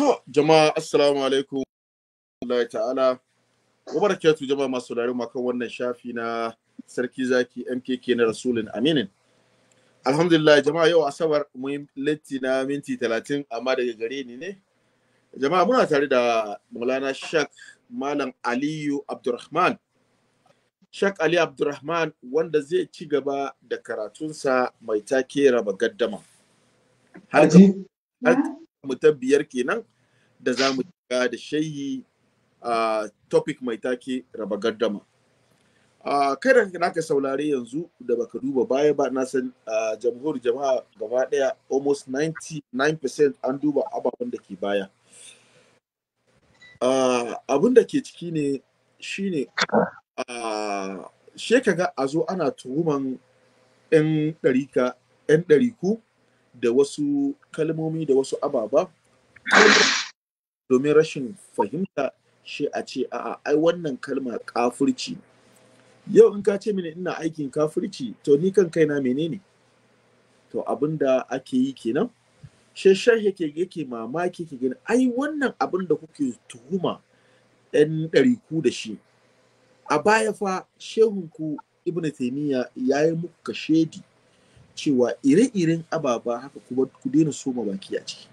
To, jama'a assalamu alaikum. Allah ta'ala. Wabarakatu jama'a masu saurare mu wannan shafi na Sarki Zaki MKK na Rasulun Aminin. Alhamdulillah jama'a yau asabar mun latti na minti talatin amma daga gare ni ne. Jama'a muna tare da Maulana Shak Malam Aliyu Abdurrahman. Shak Ali Abdurrahman wanda zai ci gaba da karatunsa mai take raba gaddama. Haji? mu biyar kenan da za mu shiga da shayi a topic mai take raba gardama a da naka ka saurare yanzu da baka duba baya ba na san jamhur jama'a gaba daya almost 99% an duba ababen da ke baya Abun da ke ciki ne shine shekaga a zo ana tuhuman 'yan ɗarika 'yan ɗariku da wasu kalmomi da wasu ababa domin rashin fahimta shi a ce a ai wannan kalma kafirci yau in ka ce mini ina aikin kafirci to ni kan kaina menene to abin da ake yi kenan shashar yake yake mamaki ke gani ai wannan abin da kuke tuhuma ɗan ɗariku da shi a baya fa shehunku ibn taimiyya ya yi muku kashedi cewa ire-iren ababa haka kuma ku daina soma baki a ciki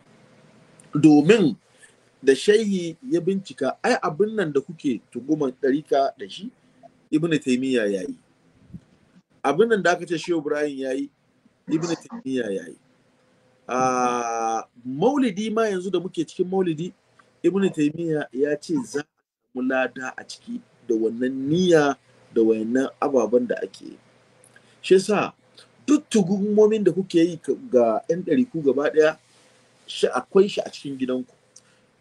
domin da shayi ya bincika ai abin nan da kuke tuguman ɗarika da shi ibn taimiyya ya yi abin nan da aka ce shehu ibrahim ya yi ibn taimiyya ya yi ah, maulidi ma yanzu da muke cikin maulidi ibn taimiyya ya ce za mu lada a ciki da wannan niyya da wayannan ababen da ake shi sa duk tugumomin da kuke yi ga 'yan ku gaba ɗaya shi akwai shi a cikin gidanku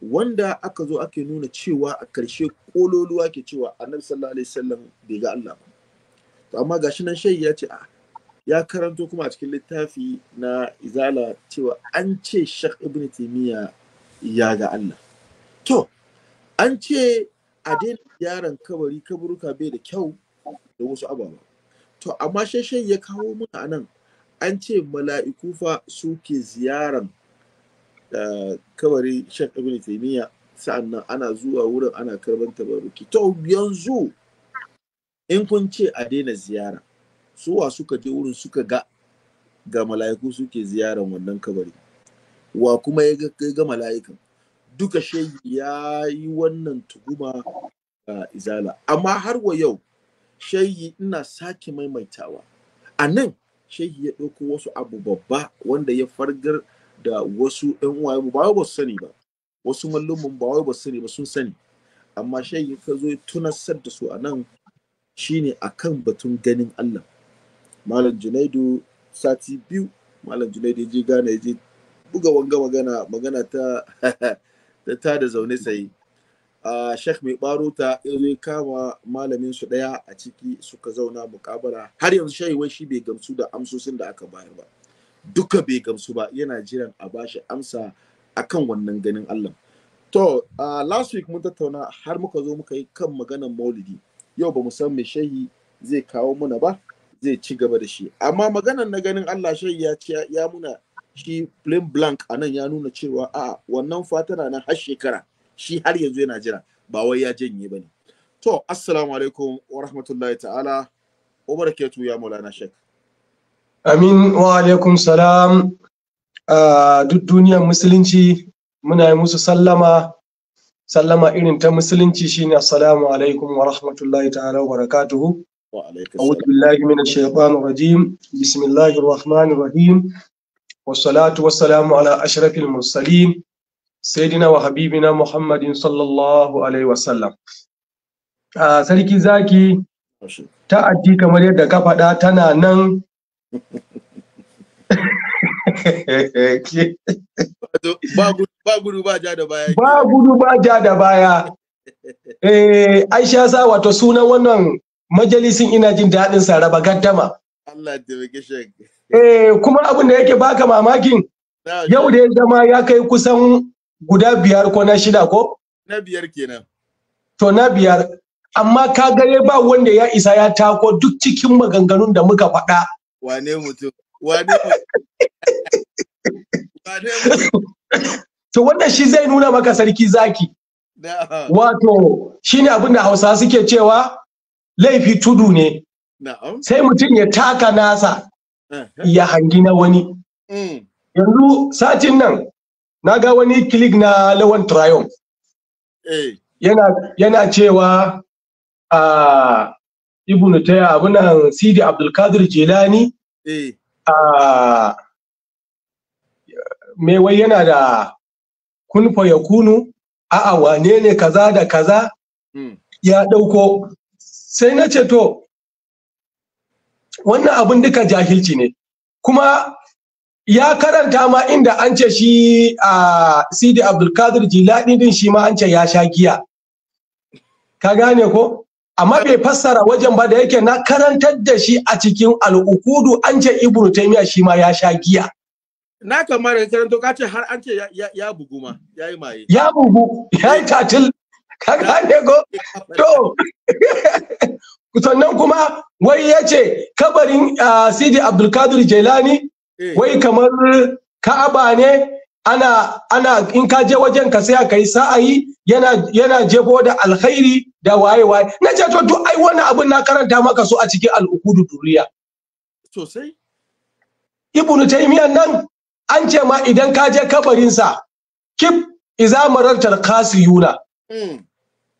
wanda aka zo ake nuna cewa a ƙarshe ƙololuwa ke cewa annabi sallallahu alaihi wasallam bai ga Allah ba to amma gashi nan shayi ya ce a ah, ya karanto kuma a cikin littafi na izala cewa an ce shak ibn timiya ya ga Allah to an ce a daina yaran kabari kaburuka bai da kyau da wasu ababa to amma shashen ya kawo mana anan an ce mala'iku fa suke ziyaran eh, kabari shan ibn taymiya sa'annan ana zuwa wurin ana karban tabaruki to yanzu in kun ce a daina ziyara su suwa suka je wurin suka ga ga mala'iku suke ziyaran wannan kabari wa kuma ya ga mala'ikan duka shayi ya yi wannan tuguma a ah, izala amma har wa yau shehi ina sake maimaitawa a nan shehi ya ɗauko wasu abu babba wanda ya fargar da wasu ɗan uwaye mu ba ba su sani ba wasu mallumin ba wai ba su sani ba sun sani amma shehi ka zo tunasar da su a nan shine akan batun ganin Allah malam Junaidu sati biyu malam Junaidu ya je gane ya je buga wanga magana magana ta ta da zaune sai Sheikh mai baruta ya kama malamin su daya a ciki suka zauna mukabara har yanzu wai shi bai gamsu da amsosin da aka bayar ba duka bai gamsu ba yana jiran a bashi amsa akan wannan ganin Allah to last week mun tattauna har muka zo muka yi kan maganar maulidi yau ba mu san mai shehi zai kawo muna ba zai ci gaba da shi amma maganar na ganin Allah shehi ya ce ya muna shi plain blank anan ya nuna cewa a wannan fatana na har shekara shi har yanzu yana jira ba wai ya janye ba ne to assalamu alaikum wa rahmatullahi ta'ala Umar Ketu ya maulana shek amin wa alaikum salam duk duniyar musulunci muna yi musu sallama sallama irin ta musulunci shine assalamu alaikum wa rahmatullahi ta'ala wa barakatuhu أعوذ بالله من الشيطان الرجيم بسم الله الرحمن الرحيم والصلاة والسلام على أشرف المرسلين sayyidina wa habibina muhammadin sallallahu alaihi wasallam a sarki zaki ta'addi kamar yadda ka faɗa tana nan ba gudu ba ja da baya ba gudu ba ja da baya eh aisha sa wato sunan wannan majalisin ina jin daɗin sa raba gaddama Allah eh kuma abin da yake baka mamakin yau da ya zama ya kai kusan guda biyar ko na shida ko? Na biyar kenan. To na biyar. Amma ka gare ba wanda ya isa ya tako duk cikin maganganun da muka faɗa. Wane mutum? Wane To wanda shi zai nuna maka sarki zaki. Wato shi abin da Hausa suke cewa laifi tudu ne. Sai mutum ya taka nasa ya hangi na wani. Mm. Yanzu satin nan na ga wani kilik na lawan triumph eh. yana, yana cewa a ah, ibn taya abunan sidi abdulkadir jelani eh. a ah, wai yana da kunfa ya kunu a'a wane ne kaza da kaza hmm. ya ɗauko sai na ce to wannan abin duka jahilci ne kuma ya karanta ma inda an ce shi a sidi abdulkadir jilani din shi ma an ce ya sha giya ka gane ko amma bai fassara wajen ba da yake na karantar da shi a cikin al'ukudu an ce ibnu taymiya shi ma ya sha giya na kamar karanto ka ce har an ce ya bugu ma ya yi maye ya bugu ya tatil ka gane ko to sannan kuma wai ya ce kabarin sidi abdulkadir jilani Eh. wai kamar ka'aba ne ana ana in ka je wajen ka sai ka yi sa'ayi yana yana jebo da alkhairi da waye waye na ce to duk ai wannan abin na karanta maka so a cikin al'ukudu duriya sosai ibnu taymiyyah nan an ce ma idan ka je kabarin sa kif iza marartar kasiyuna hmm.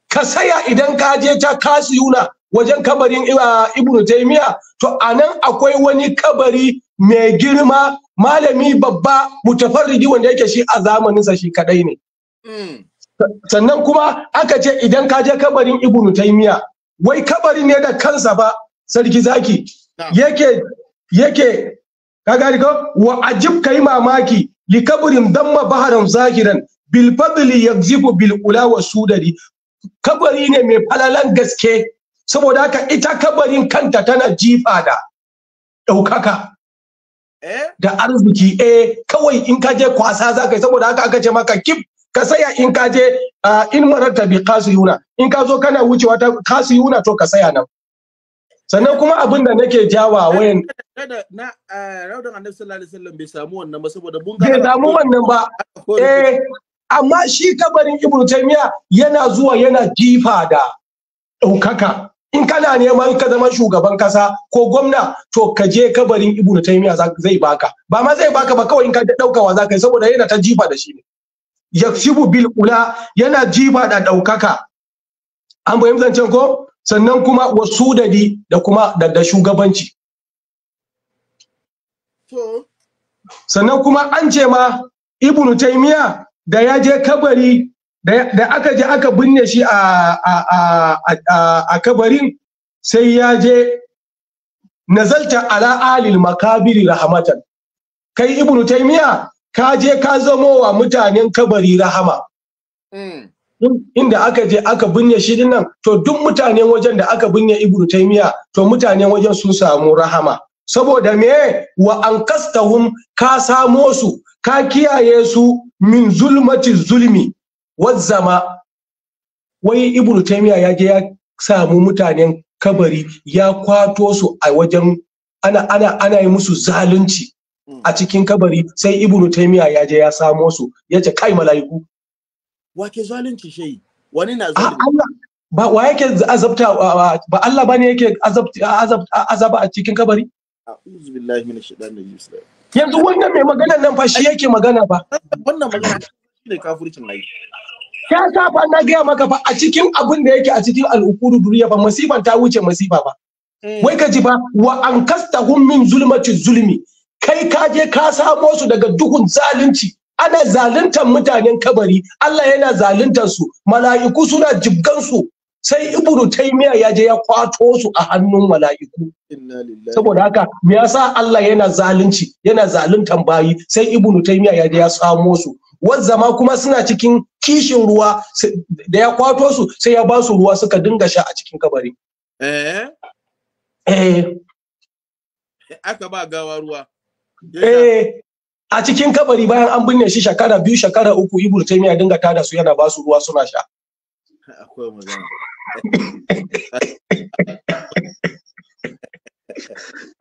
ka saya idan ka je ta kasiyuna wajen kabarin ah, ibnu taymiya to anan akwai wani kabari mai girma malami babba mutafarrigi wanda yake shi a zamanin sa shi kadai ne mm. sannan kuma aka ce idan ka je kabarin ibnu taymiya wai kabari ne da kansa ba sarki zaki yake yake ka ko wa ajib kai mamaki li kabarin damma baharan zahiran bil fadli yakzifu bil ula wa sudari kabari ne mai falalan gaske saboda haka ita kabarin kanta tana jifa da ɗaukaka Eh? da arziki eh kawai in ka je kwasa za ka yi saboda haka aka ce maka kif ka saya in ka je ah, in mararta bi kasiyuna in ka zo kana wucewa ta kasiyuna to ka saya nan sannan kuma abin da nake jawa wayan na ah, raudan annabi sallallahu alaihi wasallam bai samu wannan ba saboda mun ga bai samu wannan ba eh amma shi kabarin ibnu taymiya yana zuwa yana jifa da daukaka in kana neman ka zama shugaban kasa ko gwamna to ka je kabarin na taimiya zai baka ba ma zai baka ba kawai in ka daukawa za ka yi saboda yana ta jifa da shi ne yaksibu bil ula yana jifa da daukaka an bayyana zancen ko sannan kuma wasu dadi da kuma da shugabanci sannan kuma an ce ma ibnu taimiya da ya je kabari da aka je aka binne shi a kabarin sai ya je nazalta ala alil makabiri rahmatan kai ibnu taymiya ka je ka zamo wa mutanen kabari rahama hmm. inda aka je aka binne shi dinnan to duk mutanen wajen da aka binne ibnu taymiya to mutanen wajen sun samu rahama saboda me wa an kastahum ka samo su ka kiyaye su min zulmati zulmi wazzama wai ibnu taymiya ya je ya samu mutanen kabari ya kwato su a wajen ana ana ana yi musu zalunci hmm. a cikin kabari sai ibnu taymiya ya je ya samo su ya ce kai mala'iku wake zalunci shi wani na zalunci ba wa yake azabta ba Allah bane yake azabta azaba a cikin kabari a'udhu billahi minash shaitanir rajim yanzu wannan mai magana nan fa shi yake magana ba wannan magana shi ne kafircin nayi ya sa fa na gaya maka fa a cikin abin da yake a cikin al'ukuru duniya fa masifan ta wuce masifa ba eh. wai ka ji ba wa an kasta min zulmaci zulmi kai ka je ka samo su daga duhun zalunci ana zaluntan mutanen kabari Allah yana zaluntar su mala'iku suna jibgan su sai ibnu taymiya ya je ya kwato su a hannun mala'iku saboda haka me yasa Allah yana zalunci yana zaluntan bayi sai ibnu taymiya ya je ya samo su wazzama kuma suna cikin kishin ruwa da ya kwato su sai ya ba su ruwa suka dinga sha a cikin kabari eh eh aka ba gawa ruwa eh a cikin kabari bayan an binne shi shekara biyu shekara uku ibnu taymiya dinga tada su yana ba su ruwa suna sha akwai magana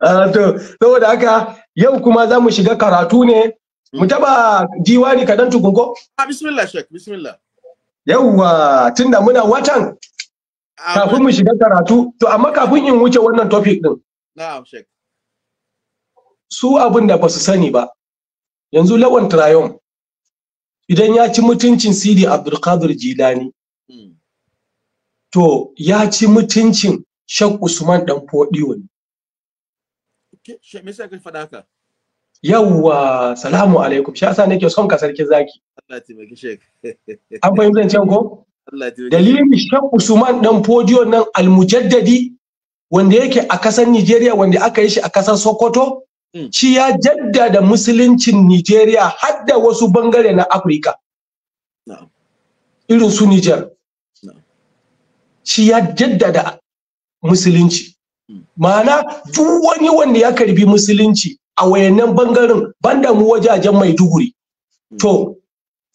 ah, to saboda haka yau kuma za mu shiga karatu ne mu taba diwani kaɗan tukunko? Ah, bismillah shek, bismillah. Yawwa tunda muna watan ah, kafin mu shiga karatu, to amma kafin in wuce wannan topic din. Na'am shek. Su abin da ba su sani ba, yanzu lawan trayon idan ya ci mutuncin Sidi Abdulkadir Jilani, hmm. to ya ci mutuncin Shek Usman dan Okay, ne. Me ka faɗa haka? yawwa salamu alaikum shi yasa nake son ka sarki zaki Allah taimaki shek an fahimta can ko dalilin shek usman dan podio nan almujaddadi wanda yake a kasar Nigeria wanda aka yi shi a kasar Sokoto hmm. shi ya jaddada musuluncin Nigeria har da wasu bangare na Africa irin su Niger shi ya jaddada musulunci hmm. ma'ana duk wani wanda ya karbi musulunci a wayannan bangaren banda mu wajajen maiduguri hmm. to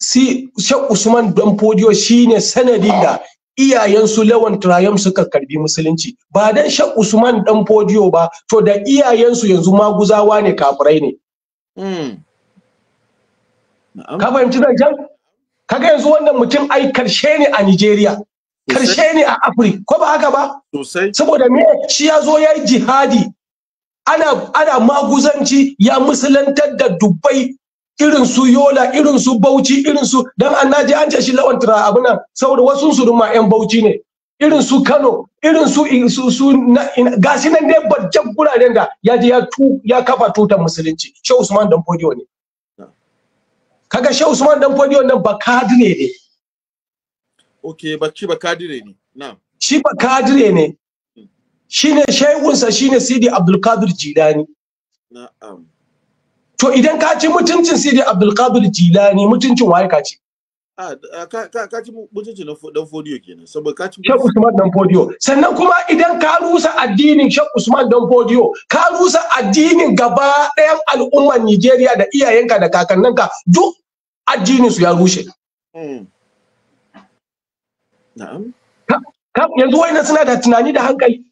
si Sheikh usman don fodiyo shine sanadin da iyayensu lawan trayam suka karbi musulunci ba dan Sheikh usman dan fodiyo ba to da iyayensu yanzu guzawa ne kafirai ne hmm. ka fahimci zancen kaga yanzu wannan mutum ai karshe ne a nigeria karshe ne a afirka ko ba haka ba saboda me shi ya zo ya yi jihadi ana ana maguzanci ya musulantar da dubbai irin su yola irin su bauchi irin su dan annaji an ce shi lawan tura abin nan saboda wasu su ma yan bauchi ne irin su kano irin su su su gashi nan dai bajjan guraren da ya je ya tu ya kafa tutar musulunci shehu usman dan fodiyo ne kaga shehu usman dan fodiyo nan ba kadire ne okay bacci ba kadire ne na'am shi ba kadire ne shine shehunsa shine Sidi Abdulkadir Jilani to idan ka ci mutuncin Sidi Abdulkadir Jilani mutuncin waye ka ci ka ci mutuncin dan fodiyo kenan saboda ka ci Sheikh Usman dan fodiyo sannan kuma idan ka rusa addinin Sheikh Usman dan fodiyo ka rusa addinin gaba ɗayan al'ummar Nigeria da iyayenka da kakanninka duk addinin su ya rushe hmm. na'am yanzu wayannan suna da tunani da hankali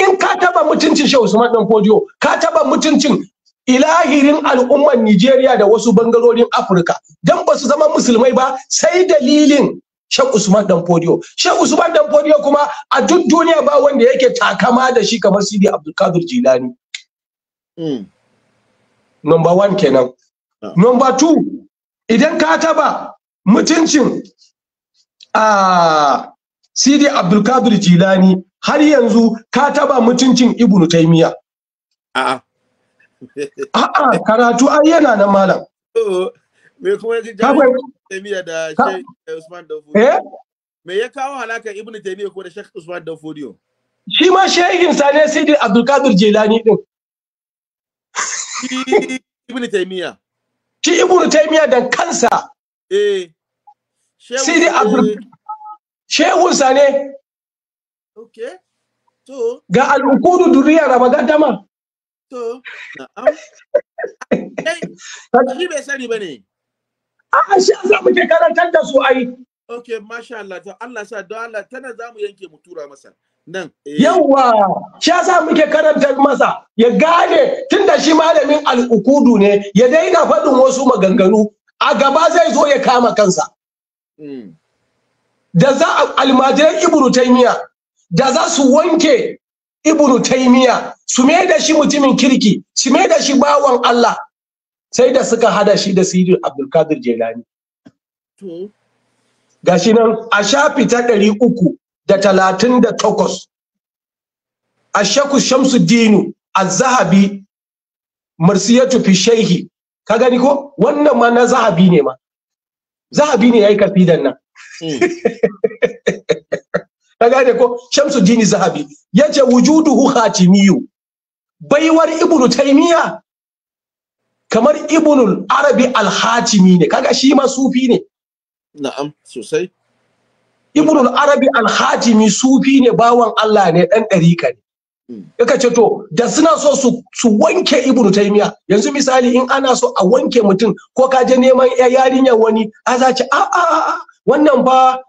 in ka taba mutuncin Shehu Usman dan Fodio ka taba mutuncin ilahirin al'umman Nijeriya da wasu bangarorin Afirka dan ba su zama musulmai ba sai dalilin shehu Usman dan Fodio shehu Usman dan Fodio kuma a duk duniya ba wanda yake takama da shi kamar Sidi Abdul Kadir Jilani hmm. number one kenan ah. number two idan ka taba mutuncin a ah, Sidi Abdulkadir Jilani har yanzu ka taba mutuncin Ibn Taymiya. a a karatu ai yana nan malam. Me kuma ya Taymiya da Sheikh Usman eh Me ya kawo halaka Ibn Taymiya ko da Sheikh Usman Danfodiyo? Shi ma shehin sa ne Sidi Abdulkadir Jilani din. Ibn Taymiya. Shi Ibn Taymiya da kansa. Eh. Sidi Abdul shehunsa ne okay to ga al'ukudu duriya raba gaddama to shi bai sani ba ne a shi za mu ke karantar da su ai okay masha Allah to Allah sa don Allah tana za mu yanke mu tura masa nan eh. yawa shi yasa muke karantar masa ya gane tunda shi malamin al'ukudu ne ya daina faɗin wasu maganganu a gaba zai zo ya kama kansa mm. da za a almajiran ibnu taymiya da za su wanke ibnu taymiya su mai da shi mutumin kirki su mai da shi bawan Allah sai da suka hada shi da sirrin abdul kadir Ga gashi nan a shafi ta ɗari uku da talatin da takwas a shaku shamsu dinu a zahabi marsiyatu fi shehi ka gani ko wannan ma na zahabi ne ma zahabi ne ya yi kafidan nan Hmm. ka gane ko shamsu dini zahabi ya ce wujuduhu khatimiyu baiwar ibnu taimiya kamar ibnu arabi al-hatimi ne kaga shi ma sufi ne na'am sosai ibnu arabi al-hatimi sufi ne bawan Allah ne dan dariƙa ne kaka hmm. ce to da suna so su, su wanke ibnu taimiya yanzu misali in ana so a wanke mutum ko ka je neman yarinyar wani a za ce a a a wannan fa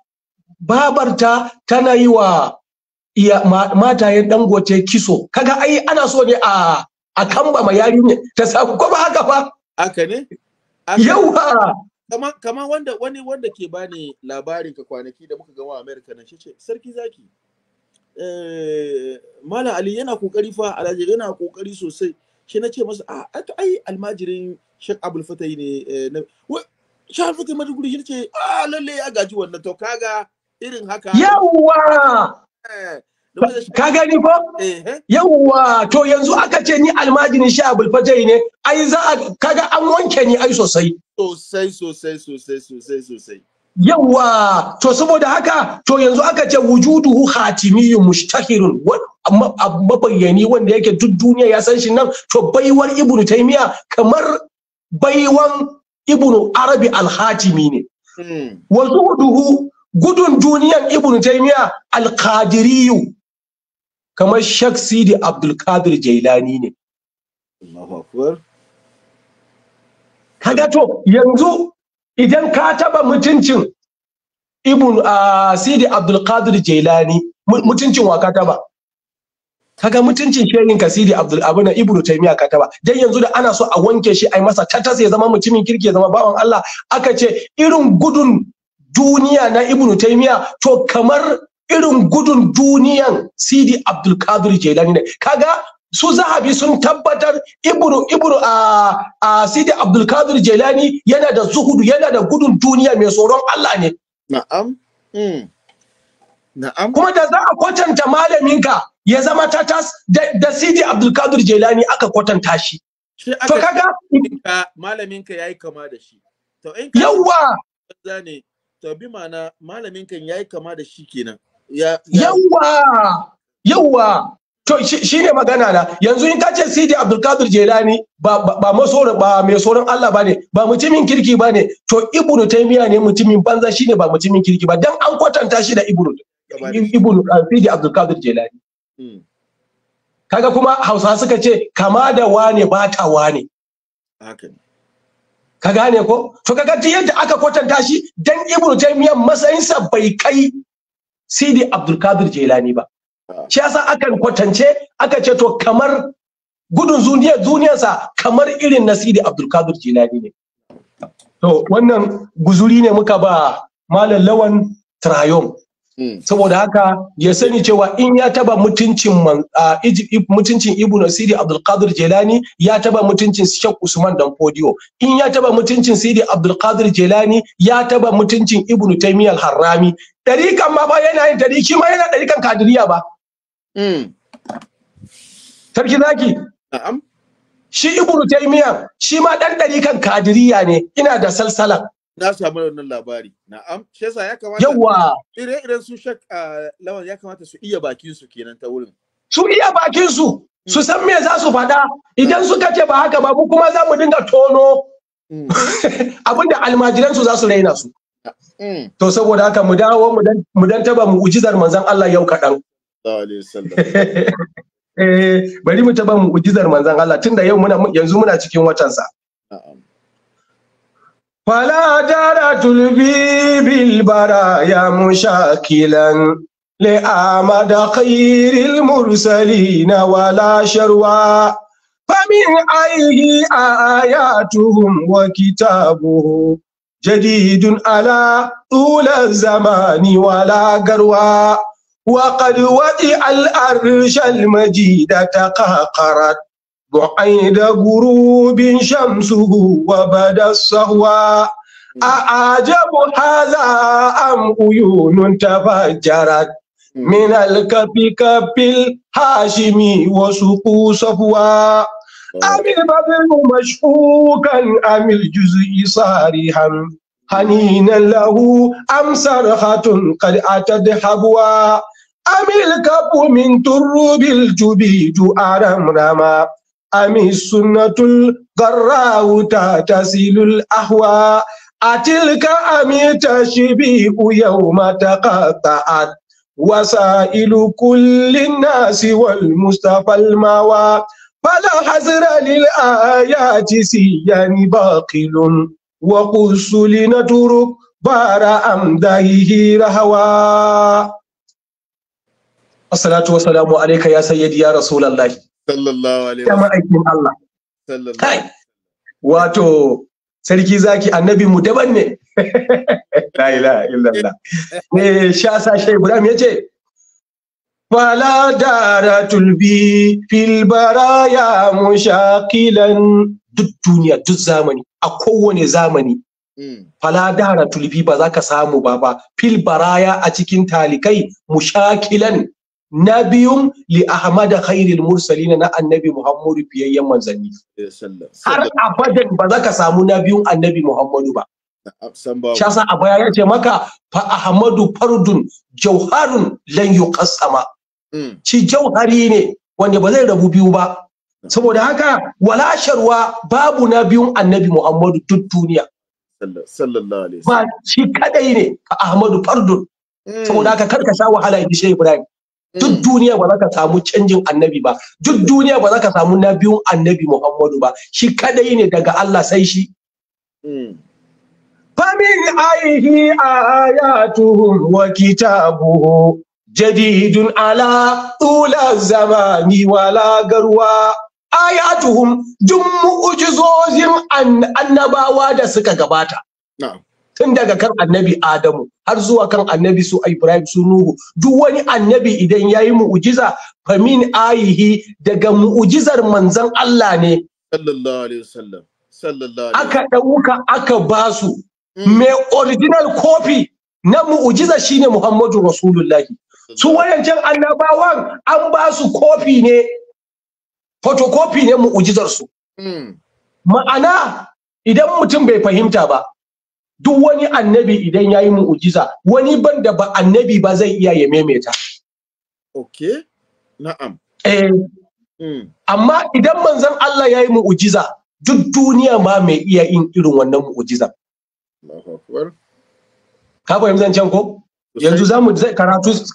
babarta tana yi wa matayen dangote kiso kaga ai ana so ne a a kamba ma ne ta samu ko ba haka ba haka ne yawa kama kama wanda wani wanda ke bani labarin ka kwanaki da muka gama America nan ce sarki zaki eh mala Ali yana kokari fa Alhaji yana kokari sosai shi na ce masa a ah, ai almajirin Sheikh Abdul Fatai ne eh, Shahar Fakai Maduguri shi ce, a ah, lalle ya gaji wannan to kaga irin haka." Yawwa! Eh, ka gani ko? Eh. Yawwa! To yanzu aka ce ni almajirin a bulfajai ne, ai za a kaga an wanke ni ai sosai. Sosai, sosai, sosai, sosai, sosai. Yawwa! To saboda haka, to yanzu aka ce wujuduhu hatimiyu mushtahirun mabayyani wanda yake duk duniya ya san shi nan to baiwar ibnu taymiya kamar baiwan ibnu arabi alhajimi ne hmm. wa zuhuduhu gudun duniyan ibnu taymiya alkadiriyu kamar shak sidi abdul qadir jailani ne yanzu idan ka taba mutuncin ah, sidi abdul qadir jailani mutuncin wa ka taba kaga mutuncin shehin kasidi abdul abu abin ibnu taymiya kataba dan yanzu da ana so a wanke shi ai masa tatas ya zama mutumin kirki ya zama bawan Allah aka ce irin gudun duniya na ibnu taymiya to kamar irin gudun duniyan sidi abdul kadir jelani ne kaga su zahabi sun tabbatar ibnu ibnu a a sidi abdul kadir jelani yana da zuhudu yana da gudun duniya mai tsoron Allah ne na'am hmm. na'am kuma da za a kwatanta malamin malaminka ya zama tatas da Sidi Abdulkadir Jailani aka kwatanta shi. To kaga malamin ka yayi kama da shi. To in ka yawa zane to bi mana malamin ka yayi kama da shi kenan. Yawa yawa to shi ne magana na yanzu in ka ce Sidi Abdulkadir Jailani ba ba masorin ba mai sorin Allah bane ba mutumin kirki bane to Ibnu Taymiya ne mutumin banza shine ba mutumin kirki ba dan an kwatanta shi da Ibnu Ibnu Sidi Abdulkadir Jailani. kaga kuma hausa suka ce kama da wane ba ta wane ka gane ko to kaga ta yadda aka kwatanta shi dan ibnu taymiyyah matsayinsa bai kai sidi abdulkadir jelani ba ah. shi yasa akan kwatance aka ce to kamar gudun zuniyar duniyarsa kamar irin na sidi abdulkadir jelani ne to wannan guzuri ne muka ba malam lawan trayom Hmm. saboda haka ya sani cewa in ya taba mutuncin man mutuncin ibnu sidi abdul qadir jelani ya taba mutuncin shek usman dan podio in ya taba mutuncin sidi abdul qadir jelani ya taba mutuncin ibnu taymiyyah harrami dariƙan ma ba yana yin shi ma yana dariƙan kadiriya ba hmm. sarki zaki shi ibnu taymiyyah shi ma dan dariƙan kadiriya ne ina da salsalan Na samu wannan labari. Na'am, shi yasa ya kamata Yawa. ire-iren su shak ah, lawan ya kamata su iya bakin su kenan ta wurin. Su iya bakin su, su hmm. san me za su faɗa idan suka ce ba haka ba mu kuma za mu dinga tono hmm. abinda almajiran su za su raina su. Hmm. To saboda haka mu dawo mu dan mu dan taba mu ujizar manzon Allah yau sallallahu alaihi wasallam eh Bari mu taba mu ujizar manzon Allah tunda yau muna yanzu muna cikin watan sa فلا جرت البي بالبرايا مشاكلا لآمد خير المرسلين ولا شروى فمن أيه آياتهم وكتابه جديد على طول الزمان ولا قروى وقد وضع الأرش المجيد تقهقرت بعيد غروب شمسه وبدا الصهوى أعجب هذا أم عيون تفجرت من الكب كب الهاشمي وسقو صفوى أم البدر مشكوكا أم الجزء صارحا حنينا له أم صرخة قد أتت حبوى أم الكب من تروب أرم أرمرما أم السنة الغراء تتصل الأهواء أتلك أم تشبيه يوم تقطعت وسائل كل الناس والمصطفى الموى فلا حزر للآيات سيان باقل وقص لنترك بار أمدهه رهوى الصلاة والسلام عليك يا سيدي يا رسول الله sallallahu wato sarki zaki annabi mu daban ne la ilaha illallah ne sha sa shay Ibrahim yace fala daratul bi fil baraya mushaqilan duk duniya duk zamani a kowane zamani hmm. fala daratul tulfi ba za ka samu ba ba fil baraya a cikin talikai mushakilan na biyun li ahmada khairil mursalina na annabi muhammadu fiyayyen manzanni har abadan ba za ka samu na biyun annabi muhammadu ba shasa a baya ce maka fa ahmadu fardun jauharun lan yuqassama Ci jauhari ne wanda ba zai rabu biyu ba saboda haka wala sharwa babu na biyun annabi muhammadu duk duniya ba shi kadai ne fa ahmadu fardun saboda haka karka sha wahala in ibrahim duk eh. duniya ba za ka samu canjin annabi ba duk duniya ba za ka samu na biyun annabi muhammadu ba shi kadai ne daga Allah sai shi hmm. famin aihi ayatuhum wa kitabuhu jadidun ala tula zamani wala garwa ayatuhum duk mu'jizozin annabawa da suka gabata na'am tun daga kan annabi Adamu har zuwa kan annabi su Ibrahim su Nuhu duk wani annabi idan ya yi mu'ujiza famin ayihi daga mu'ujizar manzan Allah ne Aka ɗauka aka ba su. basu mm. me original copy na mu'ujiza shine Muhammadu Rasulullah su wayancan annabawan an ba su copy ne photocopy ne mu'ujizar mm. ma'ana idan mutum bai fahimta ba duk wani annabi idan ya yi mu'ujiza wani ban da ba annabi ba zai iya ya maimaita. Ok, na'am. Eh, hmm. Amma idan manzan Allah ya yi mu'ujiza duk duniya ma mai iya yin irin wannan mu'ujiza. Ka fahimci can ko? Yanzu za mu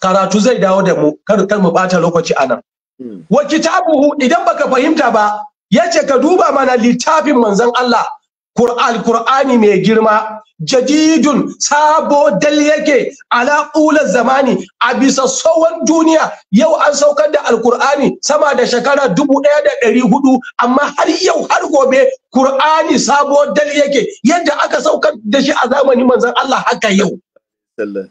karatu zai dawo da mu kar mu bata lokaci a nan. Hmm. Wa kitabuhu idan baka fahimta ba ya ce ka duba mana littafin manzan Allah alkur'ani mai girma jadidun sabo dal yake ala ulan zamani a bisa tsohon duniya yau an saukar da alkur'ani sama da shekara dubu ɗaya da ɗari hudu amma har yau har gobe kur'ani sabo dal yake yadda aka saukar da shi a zamanin manzon Allah haka yau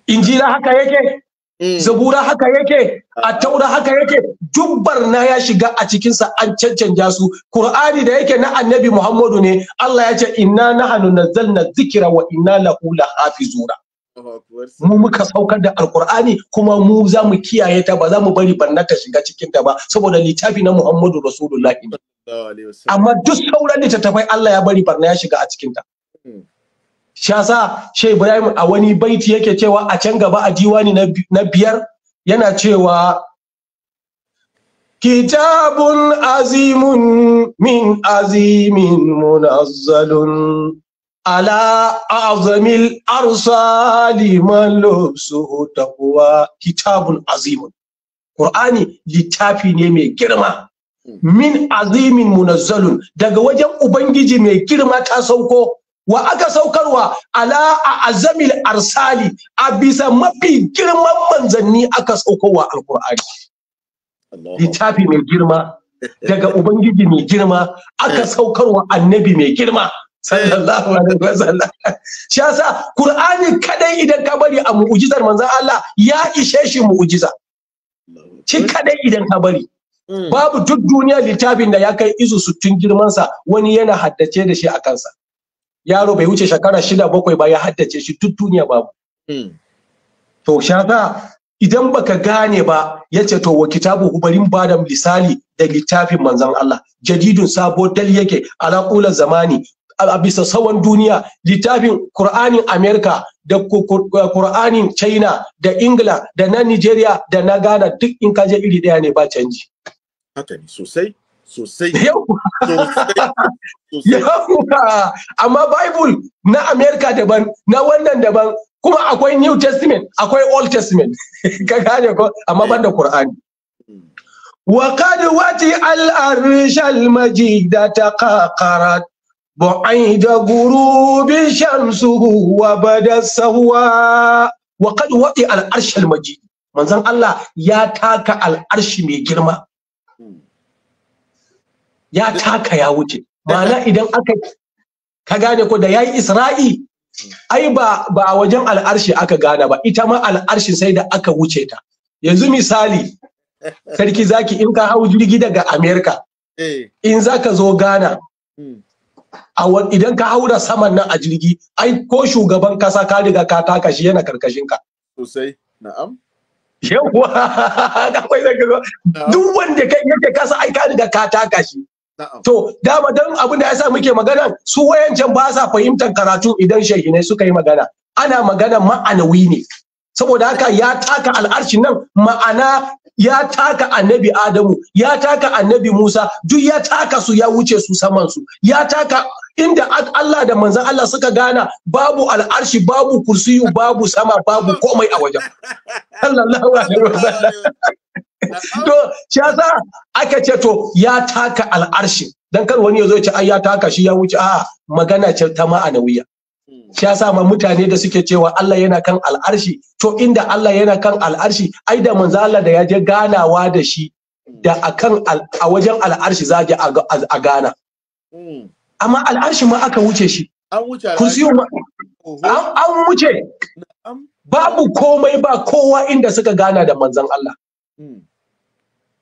injila haka yake Mm. zabura haka yake a taura haka yake dubbar na ya shiga a cikinsa an cancanja su qur'ani da yake na annabi muhammadu ne allah ya ce inna nahnu nazzalna dhikra wa inna lahu lahafizuna mu muka saukar da alqur'ani kuma mu za mu kiyaye ta ba za mu bari barna ta shiga cikin ta ba saboda littafi na muhammadu rasulullahi amma duk sauran littattafai allah ya bari barna ya shiga a cikin ta shasa shi ibrahim a wani baiti yake cewa a can gaba a diwani na biyar yana cewa kitabun azimun min azimin munazzalun ala azamil arsali malubsu taqwa kitabun azimun qur'ani littafi ne mai girma hmm. min azimin munazzalun daga wajen ubangiji mai girma ta sauko wa aka saukarwa ala a azamil arsali a bisa mafi girman manzanni aka saukowa alkur'ani littafi mai girma daga ubangiji mai girma aka eh. saukarwa annabi mai girma sallallahu eh. alaihi wasallam shi yasa qur'ani kadai idan ka bari a mu'jizar manzon Allah ya ishe shi mu'jiza shi kadai idan ka bari hmm. babu duk duniya littafin da ya kai izu girman girmansa wani yana haddace da shi a kansa yaro bai wuce shekara shida bakwai ba ya haddace shi duk duniya babu hmm. to shaka idan baka gane ba ya ce to wa kitabu hubarin badam lisali da littafin manzon Allah jadidun sabo dal yake ala kula zamani a bisa sawan duniya littafin Kur'anin Amerika da Kur'anin China da Ingila da na Nigeria da na Ghana duk in kaje iri daya ne ba canji. Haka ne sosai. sosai Yau, amma bible na america daban na wannan daban kuma akwai new testament akwai old testament ka gane ko amma ban da qur'ani وقد hmm. qad wati المجيد تقاقرت بعيد غروب الشمس وبدا السهوى وقد وطئ العرش المجيد من manzon الله يا تاك al'arshi مي girma ya taka ya wuce ma'ana idan aka ka gane ko da yayi isra'i ai ba ba a wajen al'arshi aka gane ba ita ma al'arshi sai da aka wuce ta yanzu misali sarki zaki in ka hau jirgi daga america eh. in zaka zo ghana hmm. idan ka haura saman nan a jirgi ai ko shugaban kasa ka riga ka taka shi yana karkashin ka sosai na'am yawa akwai zaka duk wanda kai yake kasa ai ka riga ka taka shi To, dama don abin da ya sa muke magana su wayancan ba sa fahimtar karatu idan shehinai suka yi magana. Ana magana ma'anawi ne. Saboda haka ya taka al'arshin nan ma'ana ya taka annabi Adamu, ya taka annabi Musa, duk ya taka su ya wuce su saman su. Ya taka inda Allah da manzan Allah suka gana babu al'arshi, babu kursiyu, babu sama, babu komai a wajen. Allah to shi yasa aka ce to ya taka al'arshi dan kar wani ya zo ce ai ya taka shi ya wuce a'a magana ce ta ma'anawiya hmm. shi yasa ma mutane da suke cewa Allah yana kan al'arshi to inda Allah yana kan al'arshi ai da manzo Allah da ya je ganawa da shi da akan a wajen al'arshi za a gana hmm. amma al'arshi ma aka wuce shi an wuce babu komai ba kowa inda suka gana da manzon Allah hmm.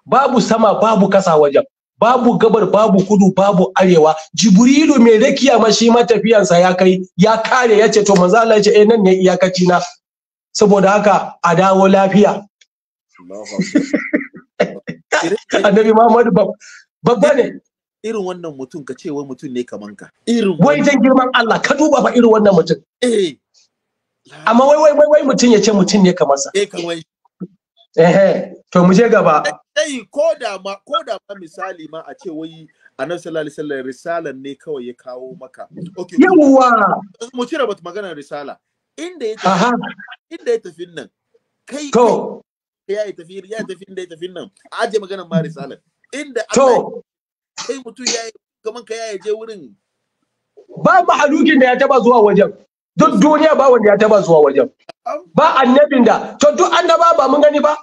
babu sama babu kasa wajen babu gabar babu kudu babu arewa jibrilu mai rakiya ma shi matafiyansa ya kai ya kare ya ce to manzo Allah ya ce eh nan ne iyakaci na saboda haka a dawo lafiya annabi Muhammad babba ne irin wannan mutum ka ce wai mutum ne kaman ka irin wai dan girman Allah ka duba fa irin wannan mutum eh amma wai wai wai mutum ya ce mutum ne kamar sa eh kamar eh to mu je gaba eh. sai ko da ma ko da ma misali ma a ce wai annabi sallallahu alaihi wasallam risalan ne kawai ya kawo maka okay yawa mu cire bat magana risala inda ya inda ya tafi nan kai to ya yi tafi ya tafi inda ya tafi nan aje magana ma risalan inda to kai mutum ya yi kaman ka ya je wurin ba mahalukin da ya taba zuwa wajen duk duniya ba wanda ya taba zuwa wajen ba annabin da to duk annaba ba mun gani ba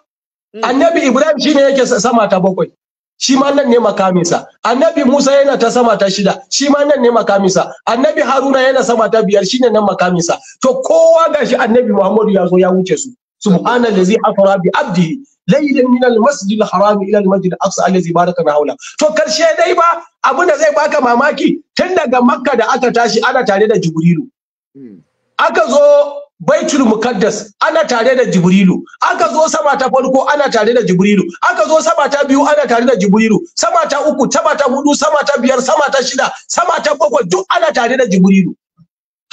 Mm. annabi ibrahim shi ne yake sama ta bakwai shi ma nan ne makaminsa annabi musa yana ta sama ta shida shi ma nan ne makaminsa annabi haruna yana sama ta biyar Shi ne nan makaminsa to kowa gashi annabi muhammadu ya zo ya wuce su subhanallazi afra bi abdihi laylan min almasjid haram ila al-aqsa allazi barakana haula to karshe dai ba abin da zai baka mamaki tun daga makka da aka tashi ana tare da jibrilu hmm. aka zo baitul muqaddas ana tare da jibrilu aka zo sama ta farko ana tare da jibrilu aka zo sama ta biyu ana tare da jibrilu sama ta uku sama ta hudu sama ta biyar sama ta shida sama ta bakwai duk ana tare da jibrilu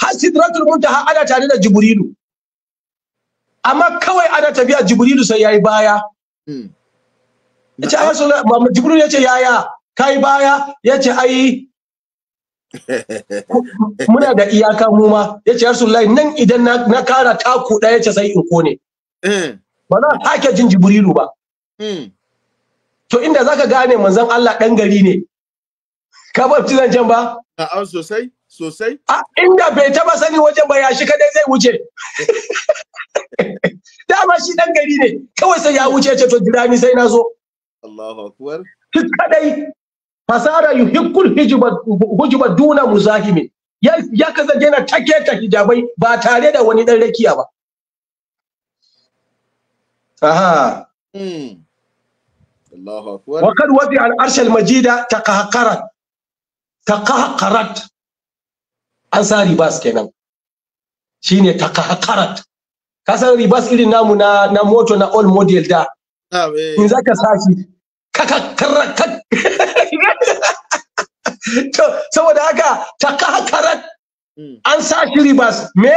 har sidratul muntaha ana tare da jibrilu amma kawai ana tafiya jibrilu sai yayi baya hmm. yace ai jibrilu yace yaya kai baya yace ai muna da iyaka mu ma yace rasulullahi nan idan na kara taku ɗaya yace sai in kone mm. ba za ke jin jibrilu ba mm. to inda zaka gane manzon Allah dan gari ne ka ba ci zancen ba a'a sosai sosai a inda bai taba sani wajen ba ya shi kadai zai wuce dama shi dan gari ne kawai sai ya wuce ce to jira ni sai na zo Allahu akbar kadai fasara yuhiqqul hijuba duna muzahimin ya kaza gena take ta hijabai ba tare da wani dan rakiya ba aha hmm. Allahu akbar wa kad wadi al arsh al majida taqahqarat taqahqarat ansari bas kenan shine taqahqarat kasan ribas irin namu na na moto na all model da eh. in zaka sashi kaka to saboda haka ta kakarar hmm. an sa shi ribas me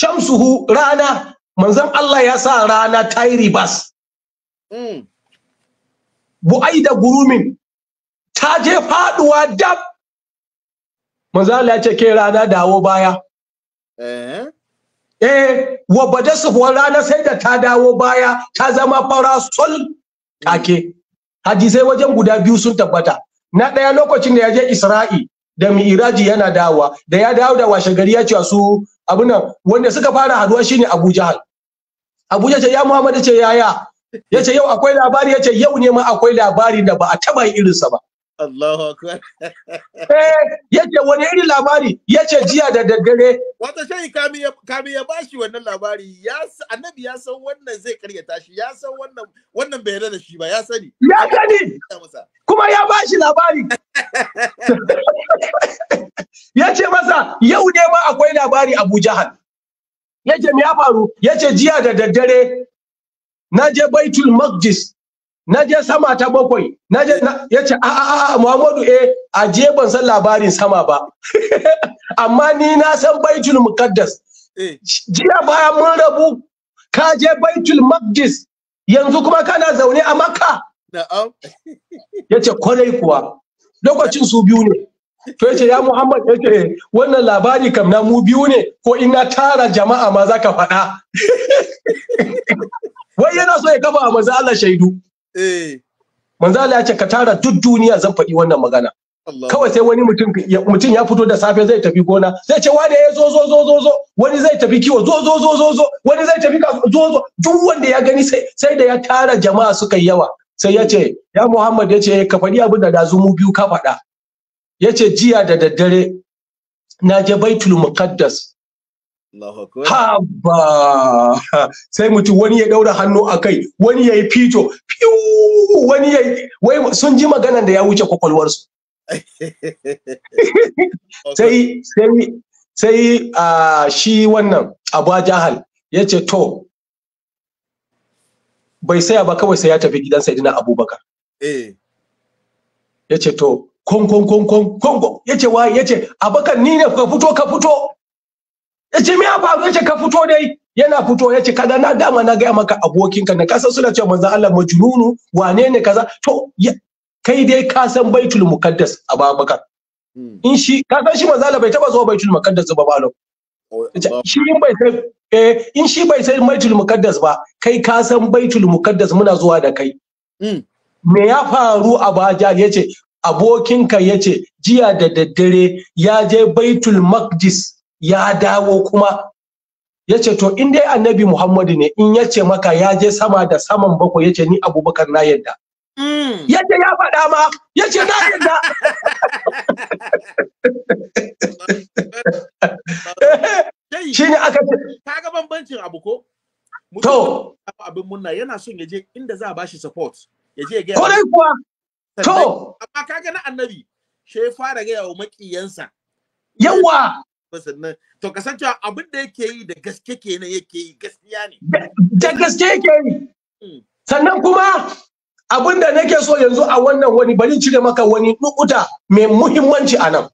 shamsuhu rana manzon Allah ya sa rana ta yi ribas hmm. bu'ai da gurumin ta je faduwa dab manzon Allah ya ce ke rana dawo baya eh, eh wa bada rana sai da ta dawo baya ta zama fara sol take hadisai wajen guda biyu sun tabbata na ɗaya lokacin da ya je isra'i da mi'iraji yana dawowa da ya dawo da washe gari ya ce su abin nan wanda suka fara haduwa shine abu jahal abu ce ya muhammad ce yaya ya ce yau akwai labari ya ce yau ne ma akwai labari da ba a taba irinsa ba Allahu akbar. Eh, yace wani irin labari? Yace jiya da daddare. Wata shayi kami ya kami ya bashi wannan labari. Ya annabi ya san wannan zai karyata shi. Ya san wannan wannan bai yarda da shi ba, ya sani. Ya sani. Kuma ya bashi labari. yace masa yau ne ma akwai labari Abu Jahal. Yace me ya faru? Yace jiya da daddare na je Baitul Maqdis naje sama ta bakwai na yace: a a a Muhammadu eh a je ban san labarin sama ba amma ni na san Baitul Muqaddas eh. jiya baya mun rabu ka je Baitul Maqdis yanzu kuma kana zaune a Makka na'am yace kwarai kuwa lokacin su biyu ne to yace ya Muhammad yace wannan labari kam na mu biyu ne ko in na tara jama'a ma zaka faɗa wai yana so ya kafa a maza Allah shaidu manzala eh. manzo ya ce ka tara duk duniya zan faɗi wannan magana kawai sai wani mutum ya fito da safe zai tafi gona zai ce wane ya zo zo zo zo zo wani zai tafi kiwo zo zo zo zo zo wani zai tafi ka zo zo duk wanda ya gani sai da ya tara jama'a suka yi yawa sai ya ce ya Muhammad ya ce eh, ka faɗi abin da dazu mu biyu ka faɗa ya ce jiya da daddare na je baitul muqaddas Haba! Sai mutum wani ya ɗaura hannu a kai, wani ya yi fito, fiyu wani ya yi, wai sun ji maganan da ya wuce kwakwalwarsu. Sai, sai, sai uh, shi wannan abu jahal ya ce to, bai saya ba kawai sai ya tafi gidan Saidina Abubakar. Eh. Ya ce to, kon kon kon kon kon ya ce wa ya ce, Abakar ni ne ka fito ka fito. ya ce me ya faru ya ce ka fito dai yana fito ya ce kaga na dama na gaya maka abokinka na kasan suna cewa manzon Allah majnunu wane ne kaza to kai dai ka san baitul muqaddas a babakar hmm. in shi ka san shi manzon Allah bai taba zuwa baitul muqaddas ba malam oh, shi in bai san eh in shi bai sai baitul muqaddas ba kai ka san baitul muqaddas muna zuwa da kai hmm. me ya faru a baja yace abokin abokinka yace jiya da daddare ya je baitul maqdis ya dawo kuma ya ce to in dai annabi muhammadu ne in ya ce maka ya je sama da saman bakwai ya ce ni abubakar na yadda hmm. yadda ya faɗa ma ya ce na yadda shi ne aka ce Ta ga bambancin abu ko to abin munna yana son ya je inda za a bashi support ya je ga kodai kuwa to amma kaga na annabi ya fara ga yawo makiyansa yawa sannan to cewa abin da yake yi da gaske kenan yake yi gaskiya ne da gaske yake yi hmm. sannan kuma abin da nake so yanzu a wannan wani bari cire maka wani nukuta mai muhimmanci a nan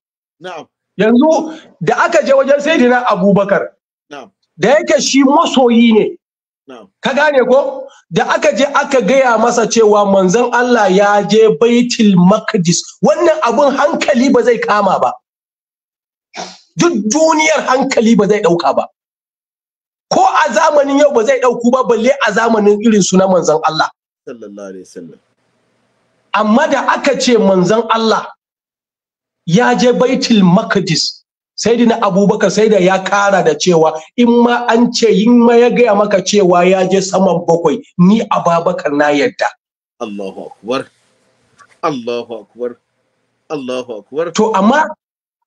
yanzu da aka je wajen saidina abubakar da yake shi masoyi ne ka gane ko da aka je aka gaya masa cewa manzon Allah ya je baitul maqdis wannan abun hankali ba zai kama ba duk duniyar hankali ba zai ɗauka ba ko a zamanin yau ba zai ɗauku ba balle a zamanin irin suna na manzon Allah amma da aka ce manzon Allah ya je baitul maqdis sai na abubakar sai da ya kara da cewa in ma an ce in ma ya gaya maka cewa ya je saman bakwai ni ababakar na yadda Allahu akbar Allahu akbar Allahu akbar to amma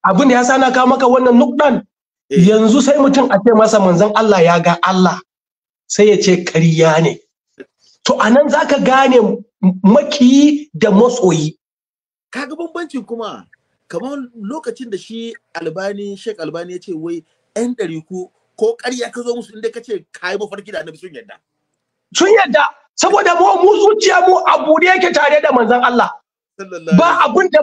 abin da ya sana na kawo maka wannan nukdan eh. yanzu sai mutum a ce masa manzon Allah ya ga Allah sai ya ce ƙarya ne to a anan zaka gane makiyi da matsoyi kaga bambancin kuma kamar lokacin da shi albani shek albani ya ce wai yan ɗariku ko ƙarya ka zo musu inda ka ce ka yi mafarki da annabi sun yadda sun yadda saboda mu mu zuciya mu abu da yake tare da manzon Allah ba abin da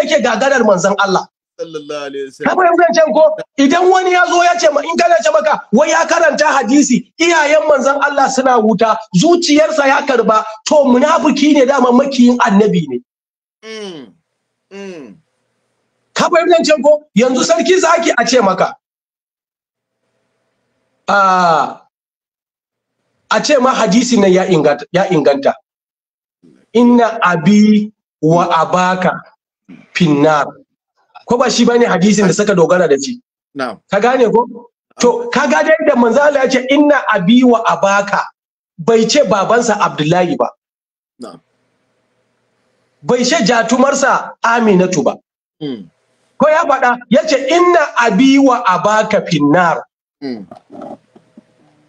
yake gagarar manzon Allah sallallahu alaihi wasallam kamar yadda ko idan wani ya zo ya ce ma in kana ce maka wai ya karanta hadisi iyayen manzon Allah suna huta zuciyarsa ya karba to munafiki ne dama makiyin annabi ne mm mm kamar ko yanzu sarki zaki a ce maka a a ce ma hadisi nan ya inganta ya inganta inna abi wa abaka finnar ko ba shi bane hadisin da suka dogara da shi na'am ka gane ko to ka ga dai da manzo Allah ya ce inna abi wa abaka bai ce babansa Abdullahi ba bai ce jatumarsa Aminatu ba hmm. ko ya faɗa ya ce inna abi wa abaka finnar hmm.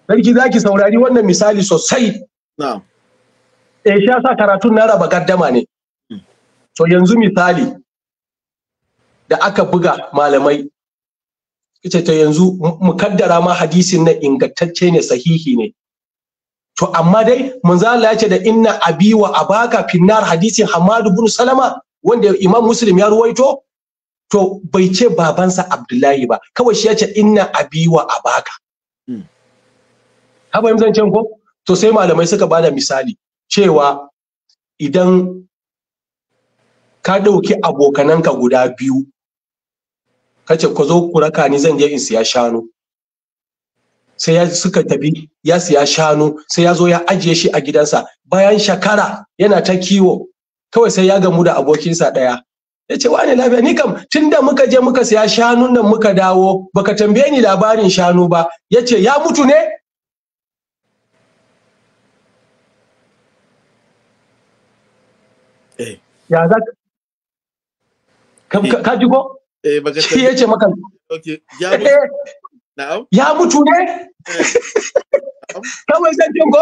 Sarki za zaki saurari wannan misali sosai na'am eh shi sa karatun na raba gaddama ne hmm. so yanzu misali da aka buga malamai ita ta yanzu mukaddara ma hadisin nan ingantacce ne sahihi ne to amma dai manzo ya ce da inna abi wa abaka finnar hadisin hamadu bin Salama wanda Imam Muslim ya ruwaito to bai ce babansa Abdullahi ba kawai shi ya ce inna abi wa abaka haba hmm. zancen ko to sai malamai suka bada misali cewa idan ka ɗauki abokananka guda biyu kace ku zo ku raka ni zan je in siya shanu sai ya suka tafi ya siya shanu sai ya zo ya ajiye shi a gidansa bayan shakara yana ta kiwo kawai sai ya gamu da abokinsa ɗaya ya ce wani lafiya ni kam tun muka je muka siya shanun nan muka dawo baka tambaye ni labarin shanu ba ya ce ya mutu ne eh. ya za ka ji ko Eh, shi ya ce eh. maka ya mutu ne eh. kawai jin ko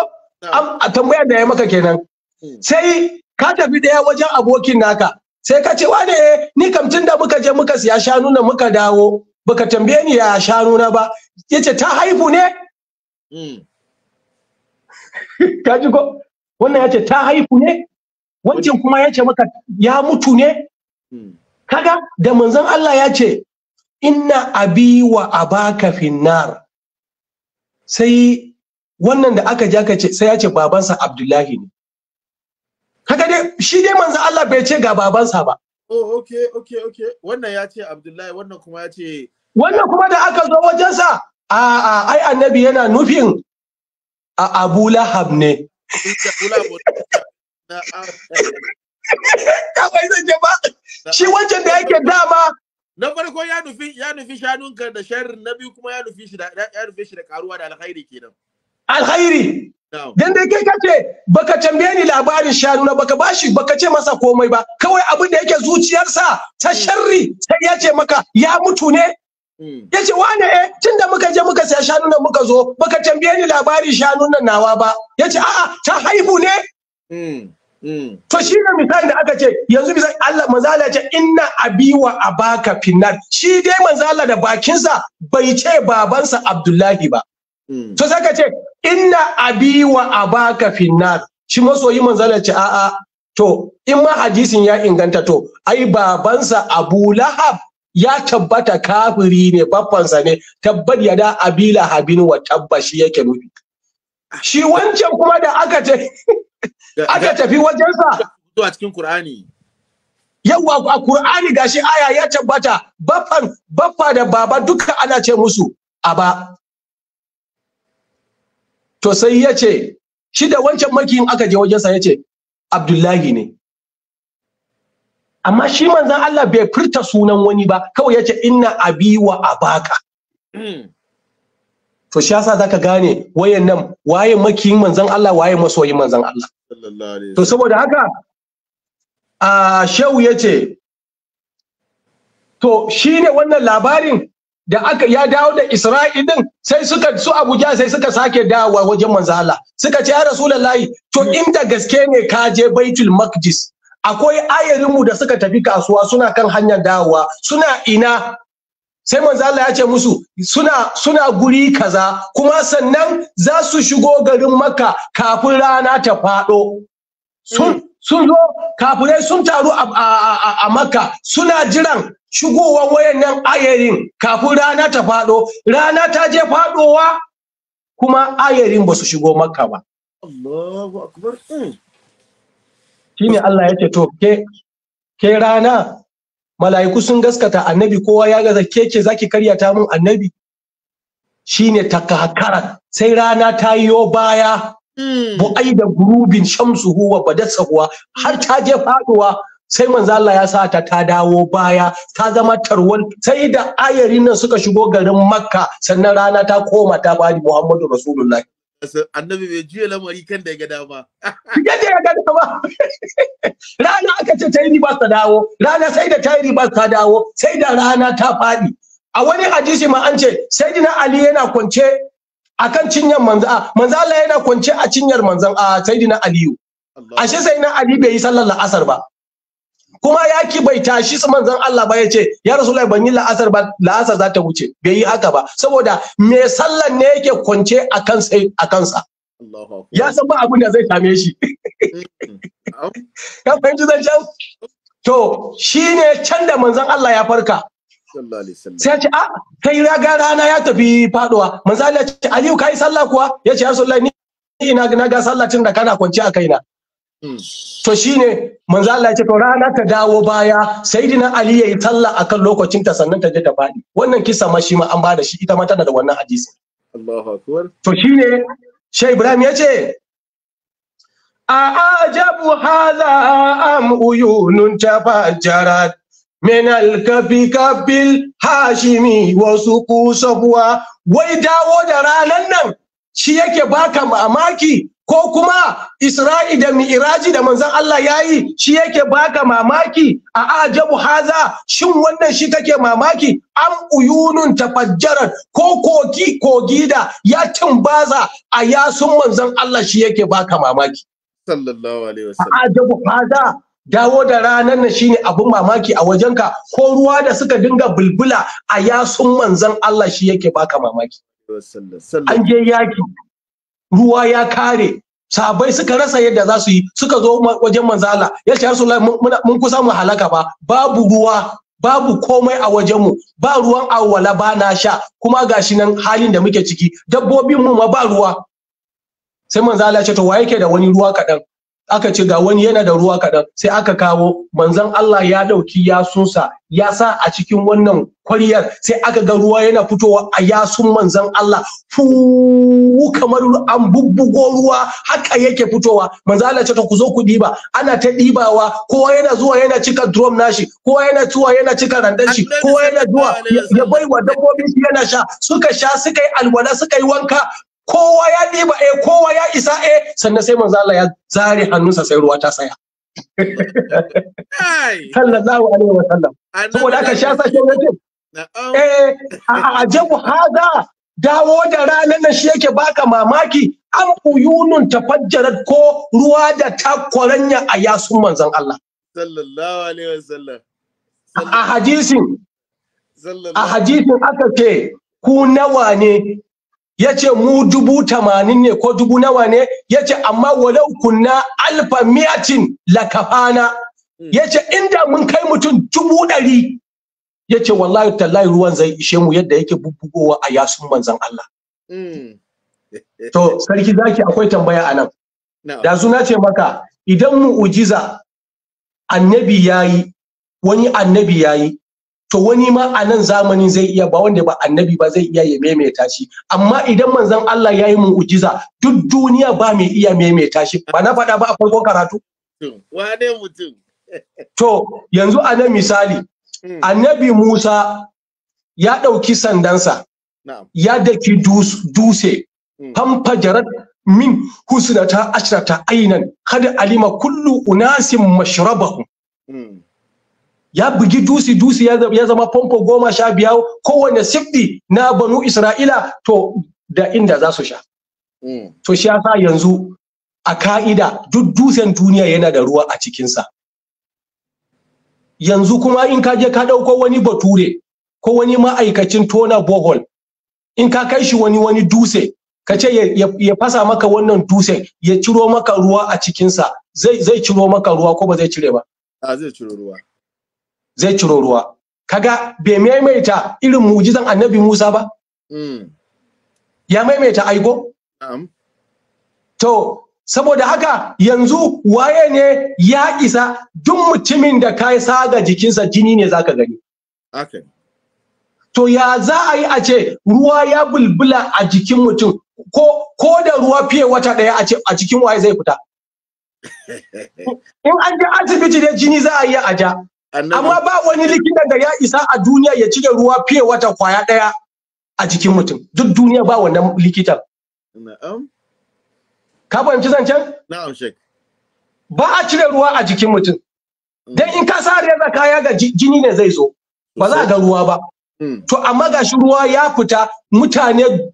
a tambayar da ya maka kenan hmm. sai ka tafi ɗaya wajen abokin naka sai ka ce wane ni kamtin da muka je muka siya shanu na muka dawo baka tambaye ni ya shanu na ba yace ta haihu ne hmm. ka ji ko wannan yace ta haihu ne wancan kuma yace maka ya mutu ne hmm. kaga da manzon Allah ya ce inna abi wa abaka finnar sai wannan da aka jaka ce sai ya ce babansa abdullahi ne kaga dai shi dai manzon Allah bai ce ga babansa ba oh okay okay okay wannan ya ce abdullahi wannan kuma ya ce wannan kuma da aka zo wajensa a a ai annabi yana nufin a abu lahab ne ah, eh, eh. kawai zan je ba shi wancan da yake dama na farko ya nufi ya nufi shanunka da sharri na biyu kuma ya nufi shi da ya nufi shi da karuwa da alkhairi kenan alkhairi dan dai kai kace baka tambaye ni labarin shanu na baka bashi baka ce masa komai ba kawai abin da yake zuciyarsa ta mm. sharri sai ya ce maka ya mutu ne mm. ya ce wane eh tun da muka je muka saya shanu nan muka zo baka tambaye ni labarin shanu nan nawa ba ya ce a'a ta haihu ne mm. To shi ne misali da aka ce yanzu bisa Allah manzala ce inna abiwa abaka finnar shi dai manzala da bakinsa bai ce babansa Abdullahi ba. Hmm. To sai ka ce inna abiwa abaka finnar shi masoyi manzala ce a'a to in ma hadisin ya inganta to ai babansa Abu Lahab ya tabbata kafiri ne babbansa ne tabbat ya da abila Habinu wa tabbashi yake nufi. Shi wancan kuma da aka ce aka tafi wajensa zuwa cikin Qur'ani yawa a Qur'ani gashi aya ya tabbata baffan baffa da baba duka ana ce musu aba to sai ya ce shi da wancan makiyin aka je wajensa ya ce Abdullahi ne amma shi manzon Allah bai furta sunan wani ba kawai ya ce inna abi wa abaka hmm. to shi yasa zaka gane wayan nan waye makiyin manzon Allah waye masoyin manzon Allah to saboda haka a shehu yace to shine wannan labarin da aka ya dawo da Isra'il din sai suka su Abuja sai suka sake dawo wajen manzon Allah suka ce ya Rasulullahi to inda gaske ne ka je Baitul Maqdis akwai ayarinmu da suka tafi kasuwa suna kan hanyar dawowa suna ina sai manzo Allah ya ce musu suna suna guri kaza kuma sannan za su shigo garin Makka kafin rana ta faɗo sun sun zo kafirai sun taru a Makka suna jiran shigowar wayannan ayarin kafin rana ta faɗo rana ta je faɗowa kuma ayarin ba su shigo Makka ba Allahu akbar shine Allah ya ce to ke ke rana mala'iku sun gaskata annabi kowa ya gaza keke zaki karya ta mun annabi shine takakara sai rana ta yiwo baya hmm. bu'ai da gurubin shamsu huwa badasa huwa har ta je faduwa sai manzo Allah ya sa ta dawo baya ta zama tarwal sai da ayarin nan suka shigo garin Makka sannan rana ta koma ta bani Muhammadu Rasulullahi annabi bai juya lamari kan da ya ga dama. Kan da ya ga dama. Rana aka ce ta ba ta dawo, rana sai da ta ba ta dawo, sai da rana ta faɗi. A wani hadisi ma an ce sai dina Ali yana kwance akan cinyar manzo manzo Allah yana kwance a cinyar manzon a Sayyidina Aliyu. Ashe Sayyidina Ali bai yi sallar la'asar ba. kuma yaki bai tashi su manzon Allah ba yace ya rasulullahi ban yi la'asar ba la'asar za ta wuce bai yi haka ba saboda me sallan ne yake kwance a kan sai a kansa ya san ba abin da zai same shi hmm. ka fahimci zan can? to shine can da manzon Allah ya farka sai ce a ah, kai raga rana ya tafi faduwa manzo Allah ce Aliyu kai sallah kuwa yace ya rasulullahi ni ina na ga sallacin da kana kwance a kaina Mm. To shine manzo Allah ce to rana ta dawo baya sayyidina Ali yayi talla akan lokacin ta sannan ta je ta fadi wannan kisa ma shi ma an bada shi ita ma tana da wannan hadisi Allahu akbar to shine Shay Ibrahim yace أعجب هذا أم عيون تفجرت من Hashimi كف الهاشمي Wai dawo da ranan nan shi yake baka mamaki ko kuma Isra'i da Mi'iraji da manzan Allah ya yi shi yake baka mamaki a ajabu haza shin wannan shi kake mamaki am uyunun tafajjarar ko kogi kogi da ya baza a yasun manzan Allah shi yake baka mamaki a ajabu haza dawo da ranar nan shine abin mamaki a wajenka ko ruwa da suka dinga bulbula a yasun manzan Allah shi yake baka mamaki an je yaki ruwa ya kare sabai suka rasa yadda za su yi suka zo wajen manzala ya ce rasulullahi mun kusa mu halaka ba babu ruwa babu komai a wajenmu ba ruwan awwala ba na sha kuma gashi nan halin da muke ciki dabbobin mu ma ba ruwa sai manzo Allah ya ce to wa yake da wani ruwa kaɗan? aka ce ga wani yana da ruwa kaɗan sai aka kawo manzon Allah ya ɗauki yasunsa ya sa a cikin wannan kwaryar sai aka ga ruwa yana fitowa a yasun manzon Allah fu kamar an bubbugo ruwa haka yake fitowa Manza Allah ce ta ku zo ku ɗiba ana ta ɗibawa kowa yana zuwa yana cika drum nashi kowa yana zuwa yana cika randan shi kowa yana zuwa ya baiwa dabbobin shi yana sha suka sha suka yi alwala suka yi wanka kowa ya ɗiba eh kowa ya isa eh sannan sai manzo Allah ya zare hannunsa sai ruwa ta tsaya sallallahu alaihi wa sallam saboda aka sha sa shi ne oh. eh a ajabu hada dawo da ranar nan shi yake baka mamaki an uyunun tafajjarat ko ruwa da ta kwaranya a yasun manzon Allah sallallahu alaihi wa sallam a hadisin a hadisin aka ce ku nawa ne yace mu dubu tamanin ne ko dubu nawa ne yace ce amma walau kunna alfa miyatin lakafana hmm. ya ce inda mun kai mutum dubu ɗari yace wallahi tallahi ruwan zai ishe mu yadda yake bubbugowa a yasun manzan Allah. Hmm. To sarki zaki akwai tambaya anan nan. Da na ce maka idan mu ujiza annabi yayi wani annabi yayi to wani ma a nan zamanin zai iya ba wanda ba annabi ba zai iya ya maimaita shi amma idan manzon Allah ya yi ujiza duk duniya ba mai iya maimaita shi ba na faɗa ba a farkon karatu wane mutum to yanzu a nan misali hmm. annabi Musa ya ɗauki sandansa ya daki dutse hmm. famfa jarat min husnata ashrata ainan kada alima kullu unasin mashrabahum hmm. ya bugi dusi dusi ya zama famfo goma sha biyar kowane sifdi na banu isra'ila to da inda za su sha hmm. to shi yasa yanzu a ka'ida duk dusen duniya yana da ruwa a cikinsa yanzu kuma in ka je ka ɗauko wani bature ko wani ma'aikacin tona bohol in ka kai shi wani wani dutse ka ce ya fasa maka wannan dutse ya ciro maka ruwa a cikinsa zai ciro maka ruwa ko ba zai cire ba a ah, zai ciro ruwa zai ciro ruwa kaga bai maimaita irin mujizan annabi Musa ba hmm. ya maimaita aiko to saboda haka yanzu waye ne ya isa duk mutumin da ka saga jikinsa jini ne zaka gani to ya za a yi a ce ruwa ya bulbula a jikin mutum ko, da ruwa fiye wata ɗaya a cikin waye zai fita in an je asibiti da jini za a yi a ja amma ba wani likita da ya isa a duniya ya cire ruwa fiye wata kwaya daya a jikin mutum duk duniya ba wannan likitan ka fahimci zancen na'am shek ba a cire ruwa a jikin mutum mm. dan in ka sa reza kaya ga jini ne zai zo ba za a ga ruwa ba mm. to amma gashi ruwa ya fita mutane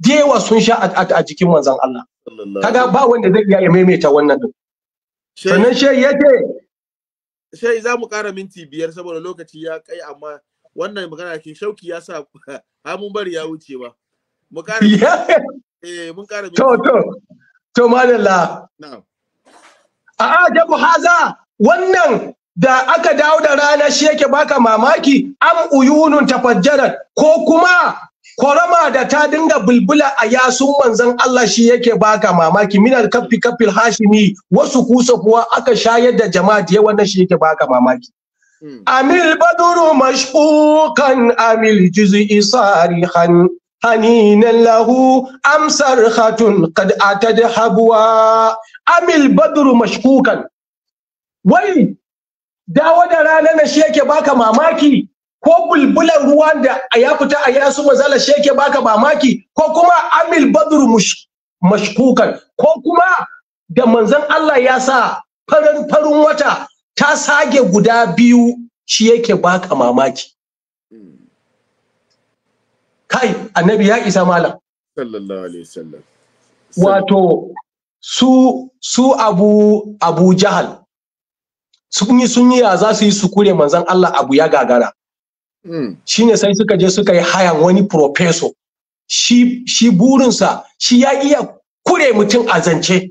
dewa sun sha a jikin manzon Allah kaga ba wanda zai iya maimaita wannan din sannan shi yace sai za mu ƙara minti biyar saboda lokaci ya kai amma wannan magana ke shauki ya sa mun bari ya wuce ba mu ƙara eh mun ƙara minti to to to madalla na'am a'a jabu haza wannan da aka dawo da rana shi yake baka mamaki am uyunun tafajjarat ko kuma kwarama da ta dinga bulbula a yasun manzon Allah shi yake baka mamaki minar kaffi kaffil hashimi wasu kusa kuwa aka shayar da jama'a da yawan shi yake baka mamaki hmm. amil baduru mashquqan amil juz'i sarihan حنينا lahu, amsar, khatun قد atad حبوا amil baduru مشكوكا wai dawo da rana na shi yake baka mamaki ko bulbulan ruwa da ya fita a yasu mazala shi yake baka mamaki ko kuma amil Badur mashkukan ko kuma da manzon Allah ya sa farin farin wata ta sage guda biyu shi yake baka mamaki kai annabi ya isa malam sallallahu alaihi wasallam wato su su abu abu jahal sun yi sun yi ya za su yi su kure manzon Allah abu ya gagara Hmm. shine sai suka je suka yi hayan wani professor shi shi burinsa shi ya iya kure mutum a zance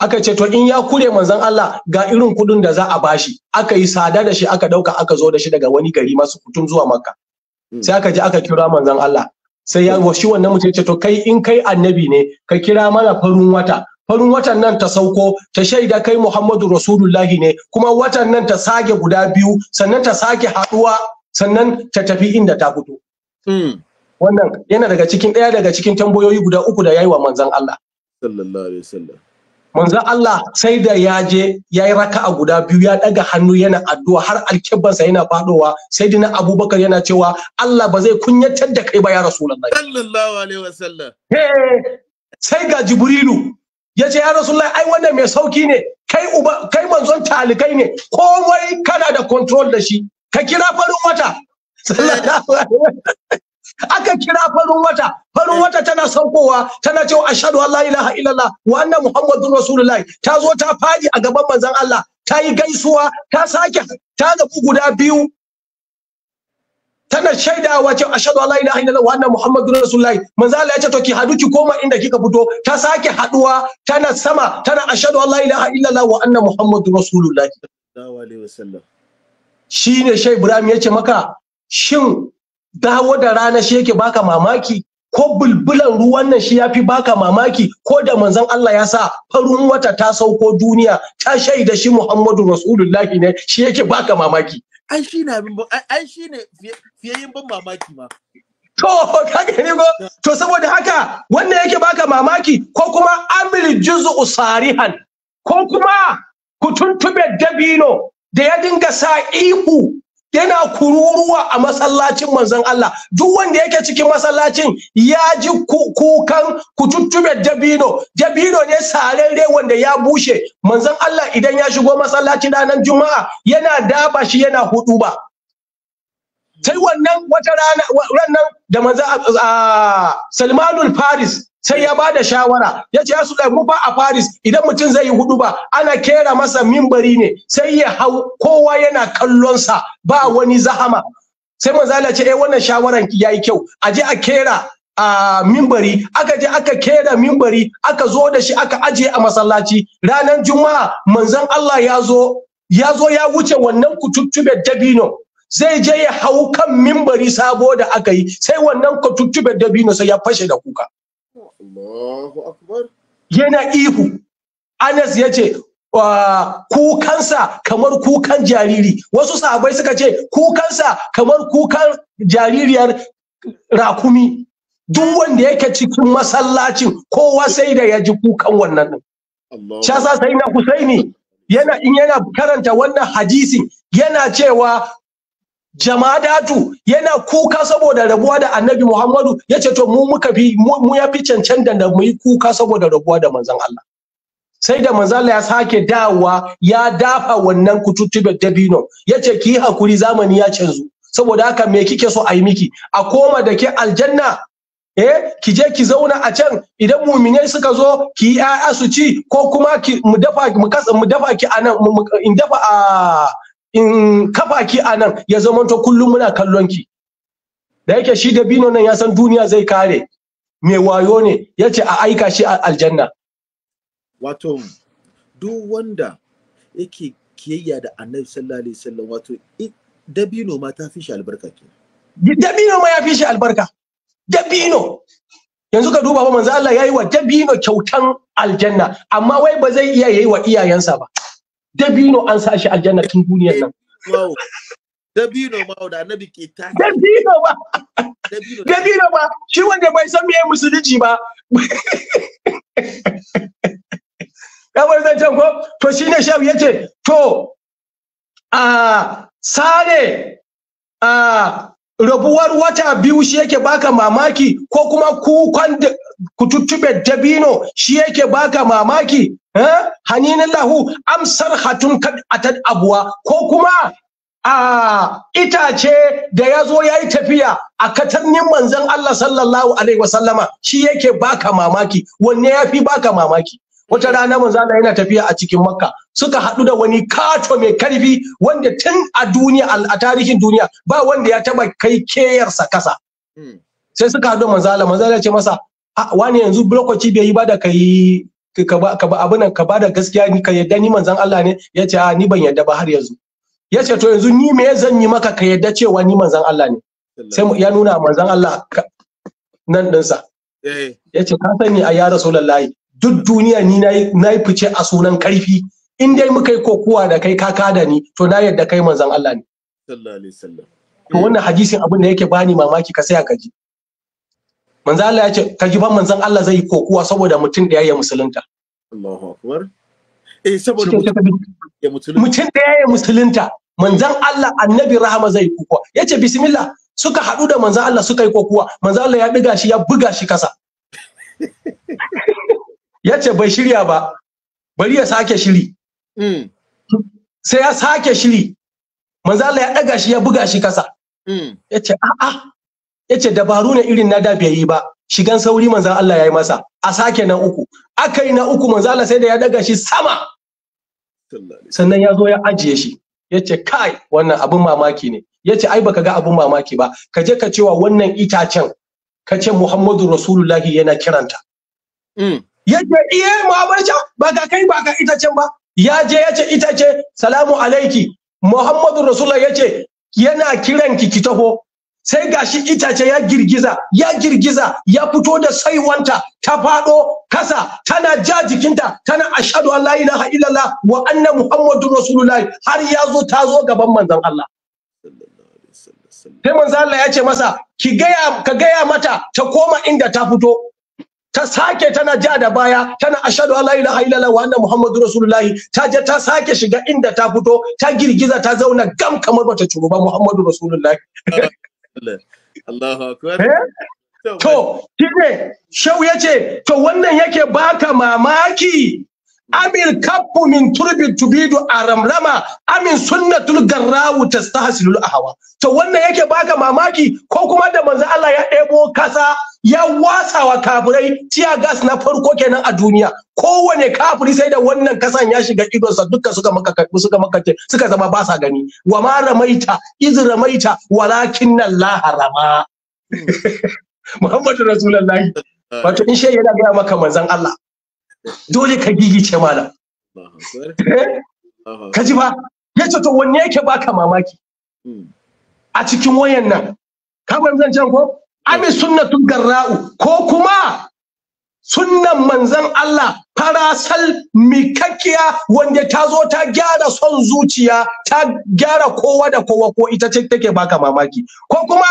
aka ce to in ya kure manzon Allah ga irin kudin da za a bashi aka yi sada da shi aka dauka aka zo da shi daga wani gari masu kutum zuwa makka hmm. sai aka je aka kira manzon Allah sai ya shi wannan mutum ce to kai in kai annabi ne ka kira mana farin wata farin watan nan ta sauko ta shaida kai Muhammadu Rasulullahi ne kuma watan nan ta sake guda biyu sannan ta sake haduwa sannan ta tafi inda ta fito hmm. wannan yana daga cikin ɗaya daga cikin tambayoyi guda uku da yi wa manzon Allah sallallahu alaihi wasallam manzon Allah sai da ya je ya yi raka'a guda biyu ya daga hannu yana addu'a har alkibansa yana fadowa sai dina abubakar yana cewa Allah ba zai kunyatar da kai ba ya rasulullahi sallallahu alaihi wasallam sai ga jibrilu ya ce ya rasulullahi ai wannan mai sauki ne kai uba kai manzon talikai ne komai kana da control da shi ka kira farin wata aka kira farin wata farin wata tana saukowa tana cewa ashhadu an la ilaha illallah wa anna muhammadur rasulullahi ta zo ta fadi a gaban manzon Allah ta yi gaisuwa ta sake ta zabu guda biyu tana shaidawa cewa ashhadu an la ilaha illallah wa anna muhammadur rasulullahi manzo Allah ya ce to ki hadu ki koma inda kika fito ta sake haduwa tana sama tana ashhadu an la ilaha illallah wa anna muhammadur rasulullahi sallallahu alaihi wasallam shine shai ibrahim ya ce maka shin dawo da rana shi yake baka mamaki ko bulbulan ruwan nan shi ya baka mamaki ko da manzon Allah ya sa farin wata ta sauko duniya ta shaida shi Muhammadu Rasulullahi ne shi yake baka mamaki. Ai shi ne ai shi fiyayen ban mamaki ma. To kaga ne ko to saboda haka wanda yake baka mamaki ko kuma amil juz'u sarihan ko kuma ku tuntube dabino da ya dinga sa ihu yana kururuwa a masallacin manzon Allah duk wanda yake cikin masallacin ya ji kukan ku tuttube dabino dabino ne sarare wanda ya bushe manzon Allah idan ya shigo masallaci ranar juma'a yana daba shi yana hudu ba sai wannan wata rana da manzon Salmanul Faris sai ya bada shawara ya ce yasu mu ba a Paris idan mutum zai yi hudu ba ana kera masa mimbari ne sai ya hau kowa yana kallonsa ba wani zahama sai ya ce eh wannan shawaran ki yayi kyau a je a kera a mimbari aka je aka kera mimbari aka zo da shi aka aje a masallaci ranar juma'a manzon Allah ya zo ya zo ya wuce wannan kututtube dabino zai je ya hau kan mimbari sabo da aka yi sai wannan kututtube dabino sai ya fashe da kuka yana ihu anas ya ce kukansa kamar kukan jariri wasu sahabai suka ce kukansa kamar kukan jaririyar rakumi duk wanda yake cikin masallacin kowa sai da yaji ji kukan wannan shasa sai na husaini yana in yana karanta wannan hadisi yana cewa jamadatu yana kuka saboda rabuwa da annabi muhammadu yace to mu muka bi mu ya fi cancan da mu yi kuka saboda rabuwa da manzon allah sai da manzon allah ya sake dawa ya dafa wannan kututtubar dabino ya ce ki hakuri zamani ya canzu saboda haka me kike so a yi miki a koma da ke aljanna eh ki je ki zauna a can idan muminai suka zo ki yi su ci ko kuma ki mu dafa mu kasa mu dafa ki anan mu dafa a ah, in kafa ki a nan ya zamanto kullum muna kallon ki da yake shi da bino nan ya san duniya zai kare mai wayo ne yace ce a aika shi a aljanna wato duk wanda yake kiyayya da annabi sallallahu alaihi wasallam wato dabino ma ta fi shi albarka ke dabino ma ya fi shi albarka dabino yanzu ka duba ba manzo Allah yayi wa dabino kyautan aljanna amma wai ba zai iya yayi wa iyayensa ba dabino an sa shi aljanna tun duniyar nan dabino ma da annabi ke ta dabino ba dabino ba shi wanda bai san meye musulunci ba ya bar zancen ko to shine shafi yace to a ah, sare a ah, rabuwar wata biyu shi yake baka mamaki ko kuma kukan kututtube dabino shi yake baka mamaki eh? haninin lahu amsar hatun atad abuwa ko kuma a itace da ya zo ya yi tafiya a katannin manzon Allah sallallahu alaihi wasallama shi yake baka mamaki wanne ya fi baka mamaki wata rana manzon Allah yana tafiya a cikin makka suka haɗu da wani kato mai karfi wanda tun a duniya a tarihin duniya ba wanda ya taba kai keyarsa kasa hmm. sai suka haɗu manzala manzala ce masa wani yanzu lokaci bai yi ba da kai ka ba abin ka ba da gaskiya ni ka yadda ni manzan Allah ne ya ce ni ban yadda ba har yanzu ya ce to yanzu ni me zan yi maka ka yadda cewa ni manzan Allah ne sai ya nuna manzan Allah nan ɗinsa eh. ya ce ka sani a ya rasulallahi duk duniya ni na yi fice a sunan karfi in dai muka yi kokuwa da kai kaka da ni to na yadda kai manzon Allah ne sallallahu alaihi wasallam to wannan hadisin abin da yake bani mamaki ka saya kaji manzon Allah ya ce kaji ban manzon Allah zai yi kokuwa saboda mutum da ya musulunta Allahu akbar eh saboda mutum da ya musulunta manzon Allah annabi rahama zai yi kokuwa yace bismillah suka hadu da manzon Allah suka yi kokuwa manzon Allah ya diga shi ya buga shi kasa yace bai shirya ba bari ya sake shiri Mm. sai ya sake shiri manzo Allah ya daga shi ya buga shi kasa mm. yace a'a yace dabaru ne irin na da bai yi ba shigan sauri manzo Allah ya yi masa a sake na uku akai na uku manzo Allah sai da ya daga shi sama sannan ya zo ya ajiye shi yace kai wannan abin mamaki ne yace ai baka ga abin mamaki ba ka je ka cewa wannan itacen ka ce Muhammadu Rasulullahi yana kiranta mm. yace iye Muhammadu ba ka kai ba ka itacen ba ya je ya ce ita ce salamu alaiki muhammadu rasulullah ya ce yana kiran ki ki taho sai gashi ce ya girgiza ya girgiza ya fito da saiwanta ta fado kasa tana ja jikinta tana ashadu an la ilaha illallah wa anna muhammadu rasulullahi har ya zo ta zo gaban manzan Allah sai manzon Allah ya ce masa ka gaya mata ta koma inda ta fito ta sake tana ja da baya tana ashadu ila ha illallah wa anna muhammadu rasulullahi ta je ta sake shiga inda ta fito ta girgiza ta zauna gam kamar bata ciro ba muhammadu rasulullahi Allahu akbar eh? to shine shau yace to wannan yake baka mamaki amin kaffu min turbi tubidu a ramrama amin sunnatul garrawu tastahsilul ahawa to wannan yake baka mamaki ko kuma da manzo Allah ya ɗebo kasa ya watsawa kafirai tiya gas na farko kenan a duniya kowane kafiri sai da wannan kasan ya shiga idonsa duka suka maka suka maka suka zama basa gani wa ma ramaita iz ramaita walakin Allah rama hmm. Muhammadu Rasulullahi wato in shi yana gaya maka manzon Allah dole ka gigice malam eh? ka ji ba ya ce to wanne yake baka mamaki hmm. a cikin wayan nan ka zan can ko hmm. ami tun garra'u ko kuma sunnan manzan Allah farasal mikakkiya wanda ta zo ta gyara son zuciya ta gyara kowa da kowa ko ita ce take baka mamaki ko kuma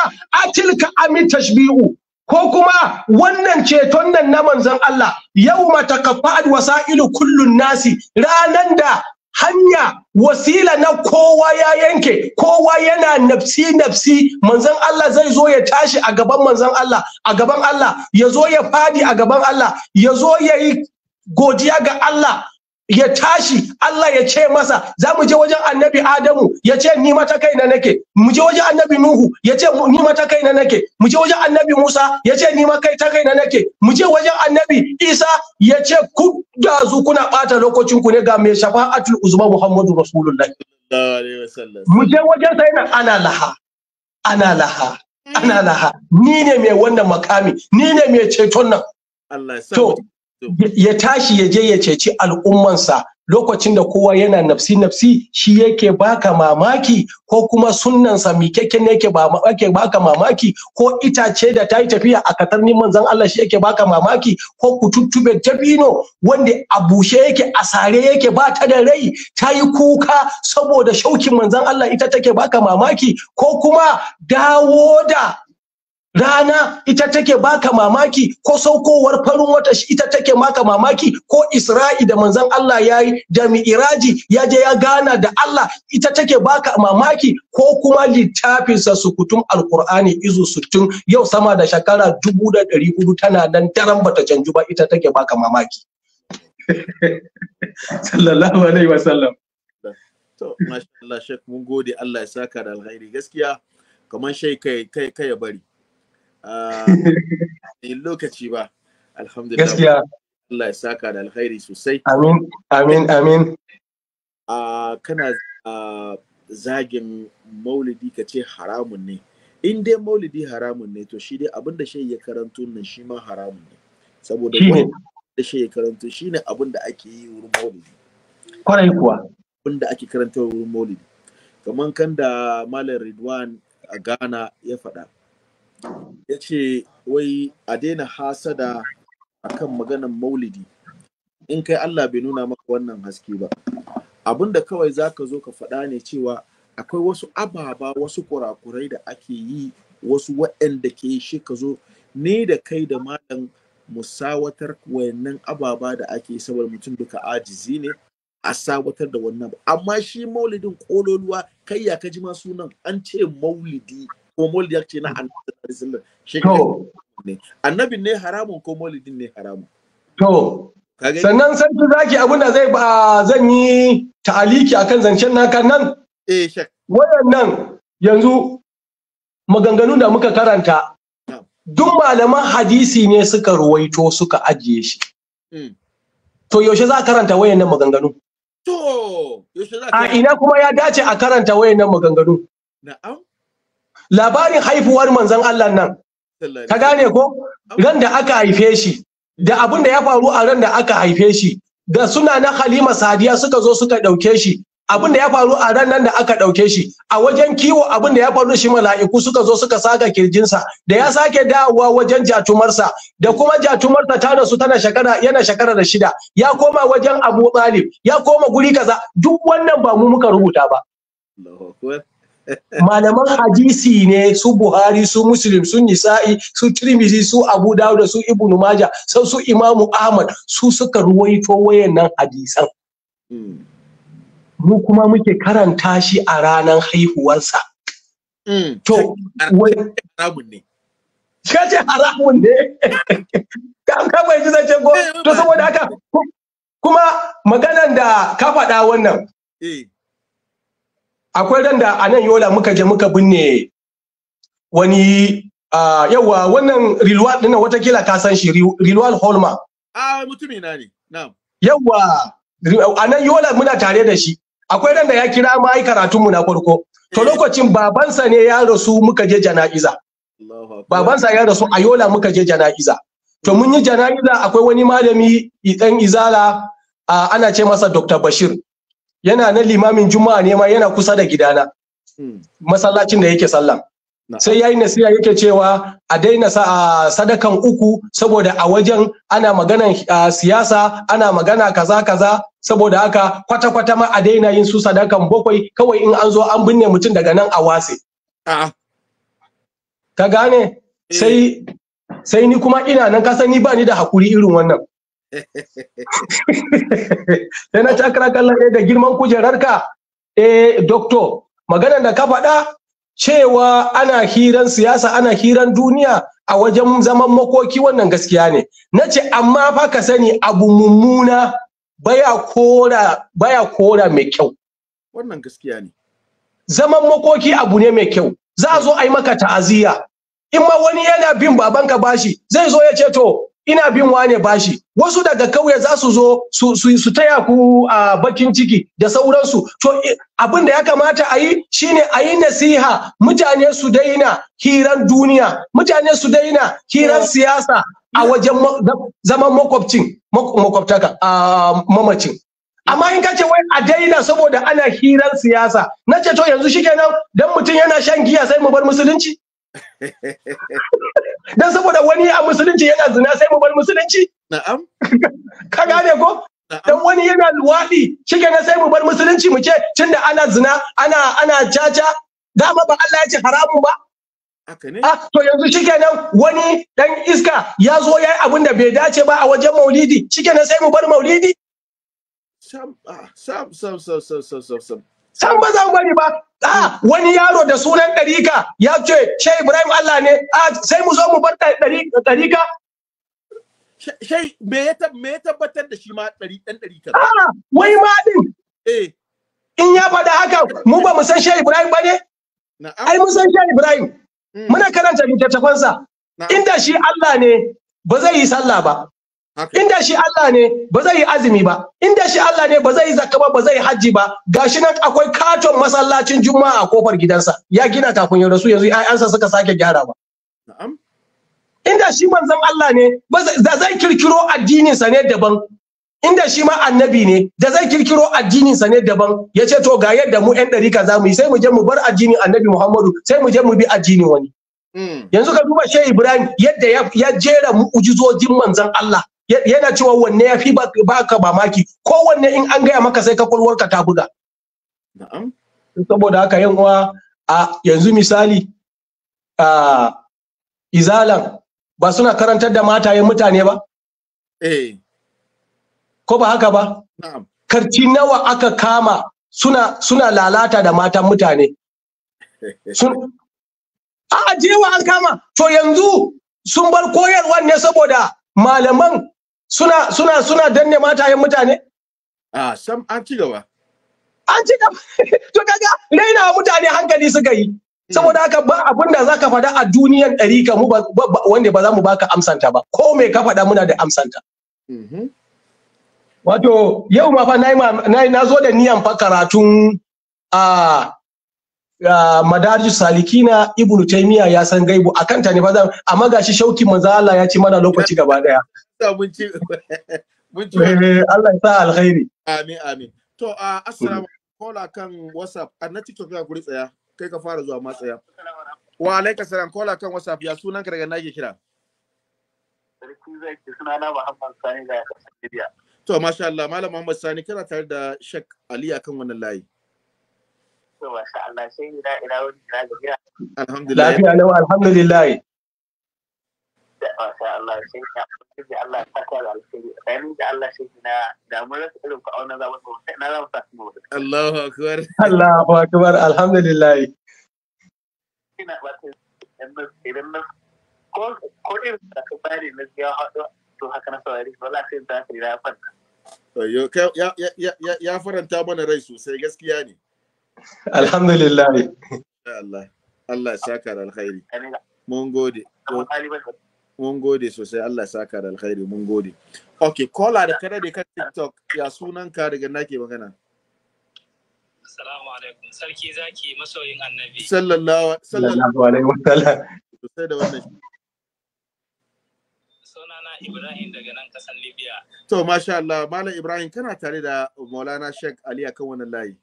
atilka ami tashbi'u ko kuma wannan ceton nan na manzon Allah yau mata matakaffa'ad wasa'ilu kullun nasi ranan da hanya wasila na kowa ya yanke kowa yana nafsi nafsi manzon Allah zai zo ya tashi a gaban manzon Allah a gaban Allah ya zo ya fadi a gaban Allah ya zo ya yi godiya ga Allah ya tashi Allah ya ce masa za mu je wajen annabi Adamu ya ce ni mata na nake mu je wajen annabi Nuhu ya ce ni mata na nake mu je wajen annabi Musa ya ce ni kai ta kai na nake mu je wajen annabi Isa ya ce ku da zu kuna bata lokacin ku ne ga mai shafa'atul uzma Muhammadu Rasulullahi mu je wajen sai ana laha ana laha ana laha ni ne mai wannan makami ni ne mai ceton nan to ya tashi ya je ya ceci al'ummansa lokacin da kowa yana nafsi nafsi shi yake baka mamaki ko kuma sunnansa mikakken yake yake baka mamaki ko itace da ta yi tafiya a katar zan Allah shi yake baka mamaki ko kututtube tabino wanda a bushe yake a sare yake ba ta da rai ta yi kuka saboda shaukin manzon Allah ita take baka mamaki ko kuma dawo da rana ita take baka mamaki ko saukowar farin wata ita take maka mamaki ko isra'i da manzon Allah ya yi da mi'iraji ya je ya gana da Allah ita take baka mamaki ko kuma littafinsa sukutun alqur'ani izu sutun yau sama da shekara dubu da ɗari hudu tana nan daren bata canju ba ita take baka mamaki sallallahu alaihi wasallam to masha Allah shek mun gode Allah ya saka da alkhairi gaskiya kamar shai kai kai ya bari Ah, lokaci ba alhamdulillah gaskiya Allah ya saka da alkhairi sosai amin amin amin a ah, kana ah, zagin maulidi ka ce haramun ne in dai maulidi haramun ne to shi dai abin da shi ya karanto nan shi ma haramun ne saboda da shi ya karanto shi ne abin da ake yi wurin maulidi kwarai kuwa abin da ake karanta wurin maulidi kamar kan da malam ridwan a ghana ya faɗa ya ce wai a daina hasada akan maganan maulidi in kai Allah bai nuna maka wannan haske ba abinda kawai za ka zo ka faɗa ne cewa akwai wasu ababa wasu kurakurai da ake yi wasu waɗanda ke shi ka zo ne da kai da malam musawatar wayannan ababa da ake yi saboda mutum duka ajizi ne a sawatar da wannan amma shi maulidin kololuwa kai ya kaji ma sunan an ce maulidi ko molidi ce na mm. annabi sallallahu alaihi ne annabin ne haramun ko molidin ne haramun to sannan ki zaki abinda zai ba zan yi ta'aliki akan zancen naka nan eh shek wayannan yanzu maganganu da muka karanta duk malaman hadisi ne suka ruwaito suka ajiye shi mm. to yaushe za a karanta wayannan maganganu? to yaushe za a ina kuma ya dace a karanta wayannan maganganu? na'am labarin haifuwar manzon Allah nan ka gane ko ran da aka haife shi da abin da ya faru a ran da aka haife shi da suna na Halima Sadiya suka zo suka dauke shi abin da ya faru a ran nan da aka dauke shi a wajen kiwo abin da ya faru shi mala'iku suka zo suka saka kirjinsa da ya sake dawowa wajen jatumarsa da kuma jatumarsa ta rasu tana shekara yana shekara da shida ya koma wajen Abu Talib ya koma guri kaza duk wannan ba mu muka rubuta ba malaman hadisi ne su buhari su muslim su nisa'i su tirmizi su abu dawud su ibnu maja sai su imamu ahmad su suka ruwaito wayannan hadisan hmm. mu kuma muke karanta shi a ranar haihuwarsa hmm. to ce haramun ne ka bai ji zace ko eh, to saboda haka kuma maganan da ka faɗa wannan eh. akwai ran da a nan yola muka je muka binne wani yawa wannan rilwal ɗin watakila ka san shi rilwal holma a mutumi na ne na'am yawa a nan yola muna tare da shi akwai ran da ya kira mai ai karatun mu na farko to eh. lokacin babansa ne ya rasu muka je jana'iza babansa ya rasu a yola muka je jana'iza to mun yi jana'iza akwai wani malami dan izala ana ce masa dr bashir yana nan limamin juma'a ne ma yana kusa da gidana hmm. masallacin da yake sallah sai yayi nasiha yake cewa a daina sa sadakan uku saboda a wajen ana magana siyasa ana magana kaza kaza saboda haka kwata kwata ma a daina yin su sadakan bakwai kawai in an zo an binne mutum daga nan a wase ka gane eh. sai sai ni kuma ina nan ka sani ba ni da hakuri irin wannan sai na ci akara kallon da girman kujerarka eh doctor maganar da ka faɗa cewa ana hiran siyasa ana hiran duniya a wajen zaman makoki wannan gaskiya ne na ce amma fa ka sani abu mummuna baya kora baya kora mai kyau wannan gaskiya ne zaman makoki abu ne mai kyau za a zo a yi maka ta'aziyya in ma wani yana bin babanka bashi zai zo ya ce to ina bin wane bashi wasu daga kauye za su zo su, su, taya ku a bakin ciki da sauransu to abin da ya kamata a yi shine a yi nasiha mutane su daina hiran duniya mutane su daina hiran siyasa a wajen zaman makwabcin makwabtaka a mamacin amma in ka wai a daina saboda ana hiran siyasa na ce to yanzu shikenan dan mutum yana shan giya sai mu bar musulunci dan saboda wani a musulunci yana zina sai mu bar musulunci na'am ka gane ko dan wani yana luwaɗi shikenan sai mu bar musulunci mu ce tunda ana zina ana ana caca dama ba Allah ya ce haramun ba Ah, to yanzu shikenan wani dan iska ya zo ya yi abin da bai dace ba a wajen maulidi shikenan sai mu bar maulidi sam ah, sam sam sam sam sam sam san ba za mu bari ba a ah, wani yaro da sunan ɗarika ya ce shai ibrahim allah ne a ah, sai mu zo mu bar ɗarika shai me ya tabbatar da shi ma ɗari ɗan ɗarika? a ah, wai ma din eh. in ya faɗa haka mu ba mu san shai ibrahim ba ne ai mu san shai ibrahim hmm. muna karanta littattafansa inda shi allah ne ba zai yi sallah ba Inda shi Allah ne ba zai yi azumi ba, inda shi Allah ne ba zai yi zakka ba, ba zai yi hajji ba, gashi nan akwai katon masallacin Juma'a a kofar gidansa, ya gina kafin da rasu yanzu ‘ya'yansa suka sake gyara ba. Inda shi manzon Allah ne, da zai kirkiro addininsa ne daban, inda shi ma annabi ne da zai kirkiro addininsa ne daban ya ce to ga yadda mu 'yan ɗarika za mu yi sai mu je mu bar addinin annabi muhammadu sai mu je mu bi addinin wani hmm. yanzu ka duba shehu ibrahim yadda ya jera mu'ujizojin manzon allah yana cewa wanne ya fi baka mamaki ko wanne in an gaya maka sai ka kwalwarka ta buga saboda haka yan uwa a yanzu misali a izalan ba suna karantar da matayen mutane ba eh ko ba haka ba karci nawa aka kama suna suna lalata da matan mutane a jewa an kama to yanzu sun bar koyarwa ne saboda malaman suna suna suna danne matayen mutane a sam an ci gaba an ci gaba to kaga raina mutane hankali suka yi hmm. saboda haka ba abin zaka faɗa a duniyan ɗarika mu wanda ba za mu baka amsanta ba ko me ka faɗa muna da amsanta mm-hmm. wato yau ma fa na zo da niyan fa karatun a madarju salikina ibnu taimiya ya san gaibu A kanta ne bazan a amma gashi shauki manzo Allah ya ci mana lokaci gaba daya eh, Allah ya sa alkhairi amin amin to assalamu kola kan whatsapp annan tiktok ya guri tsaya kai ka fara zuwa ma tsaya wa alaikum salam kola kan whatsapp ya sunan ka daga nake kira sarki to masha Allah malam Muhammad Sani kana tare da shek Ali akan wannan layi ما شاء الله سيدنا الى وجهنا جميعا الحمد لله لا في علو الحمد لله ما شاء الله سيدنا جعل الله تقوى على الخير جعل الله سيدنا دامرت لك او نزلت وسعنا لو تسمو الله اكبر الله اكبر الحمد لله ko irin da ka fari na ya haɗu to haka na sauri ba za a sai za ka rira fanta. Ya faranta mana rai sosai gaskiya ne. alhamdulillah Allah Allah ya saka da mun gode mun gode sosai Allah ya saka da alkhairi mun gode okay kola da kada da kan tiktok ya sunan ka daga nake magana assalamu alaikum sarki zaki masoyin annabi sallallahu sallallahu alaihi wasallam sosai da wannan sunana Ibrahim daga nan kasan Libya to masha Allah malam Ibrahim kana tare da Maulana Sheikh Ali akan wannan layi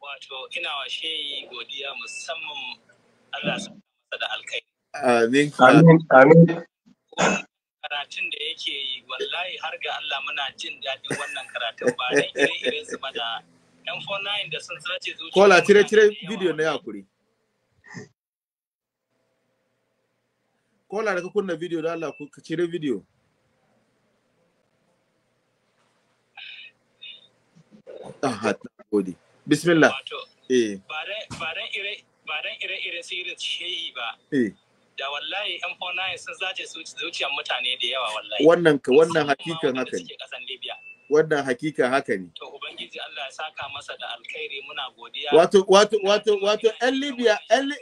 wato ina wa shehi godiya musamman Allah sa masa da alkai amin amin karatun da yake yi wallahi har ga Allah muna jin daɗin wannan karatun ba da ire-iren su ba yan 49 da sun sace zuciya kola cire cire bidiyo na yakuri kola da ka kunna bidiyo da Allah ka cire bidiyo Ah, gode. bismillah eh. ba dan ire ba dan ire-ire su shehi ba eh. da wallahi yan fauna sun zace zuciyar mutane da yawa wallahi wannan ka wannan hakikan haka ne wannan hakika haka ne to ubangiji Allah ya saka masa da alkhairi muna godiya wato wato wato wato yan libya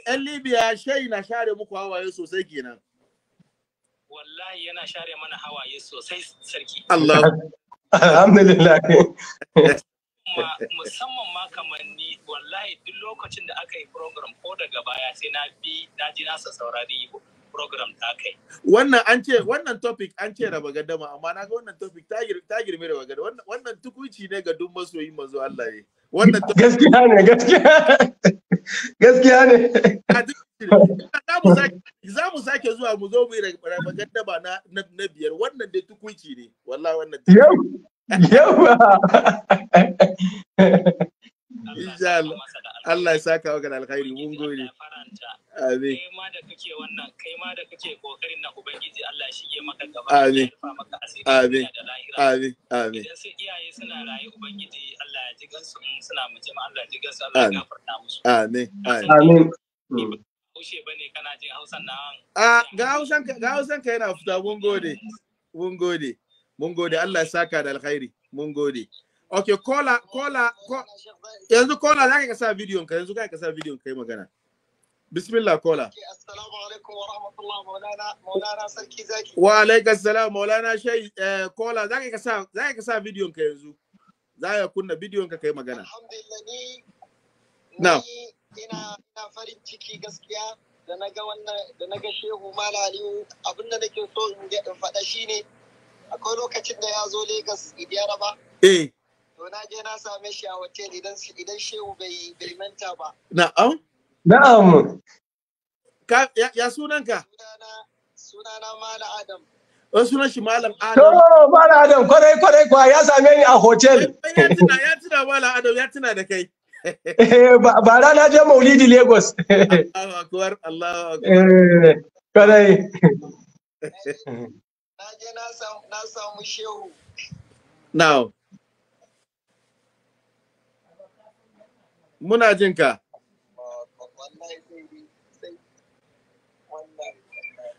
yan libya shehi na share muku hawaye sosai kenan wallahi yana share mana hawaye sosai sarki Allah alhamdulillah kuma musamman ma kamar ni wallahi duk lokacin da aka yi program ko daga baya sai na bi na ji nasa saurari program ta kai. Wannan an ce wannan topic an ce raba gadama amma na ga wannan topic ta girme raba gadama wannan tukunci ne ga duk masoyi mazo Allah ne. Wannan gaskiya ne gaskiya gaskiya ne. Za mu sake zuwa mu zo mu yi raba gadama na biyar wannan dai tukunci ne wallahi wannan. yawa insha Allah Allah ya saka maka alkhairi mun gode amin kai ma da kake wannan kai ma da kake kokarin na ubangiji Allah ya shige maka gaba amin amin amin amin sai iyaye suna raye ubangiji Allah ya ji gansu suna ma Allah ya ji gansu Allah ya gafarta musu amin amin Haushe bane kana jin Hausan nan. Ah, ga Hausan ka yana fita mun gode. Mun gode. mun gode Allah ya saka da alkhairi mun gode okay kola kola yanzu kola zaka ka sa bidiyon ka yanzu ka sa bidiyon kai magana bismillah kola assalamu alaikum wa rahmatullahi maulana maulana sarki zaki wa alaikum assalam maulana kola eh, zaka ka sa ka sa bidiyon ka yanzu zaka kunna bidiyon ka kai magana alhamdulillah ni na ina farin ciki gaskiya da naga wannan da shehu malaliu abinda nake so in faɗa shine akwai lokacin da ya zo Legas Idiyara ba. Eh. To na je na same shi a hotel idan idan shehu bai bai manta ba. Na'am. Na'am. Ka ya, ya sunan ka? Sunana sunana Adam. Wai sunan shi Malam Adam. To Malam Adam kwarai kwarai kwa ya same ni a hotel. Ya tuna ya tuna Malam Adam ya tuna da kai. Eh, ba rana je maulidi Lagos. Allahu akbar Allahu akbar. Eh, kwarai. Eh, je na samu Now, muna jinka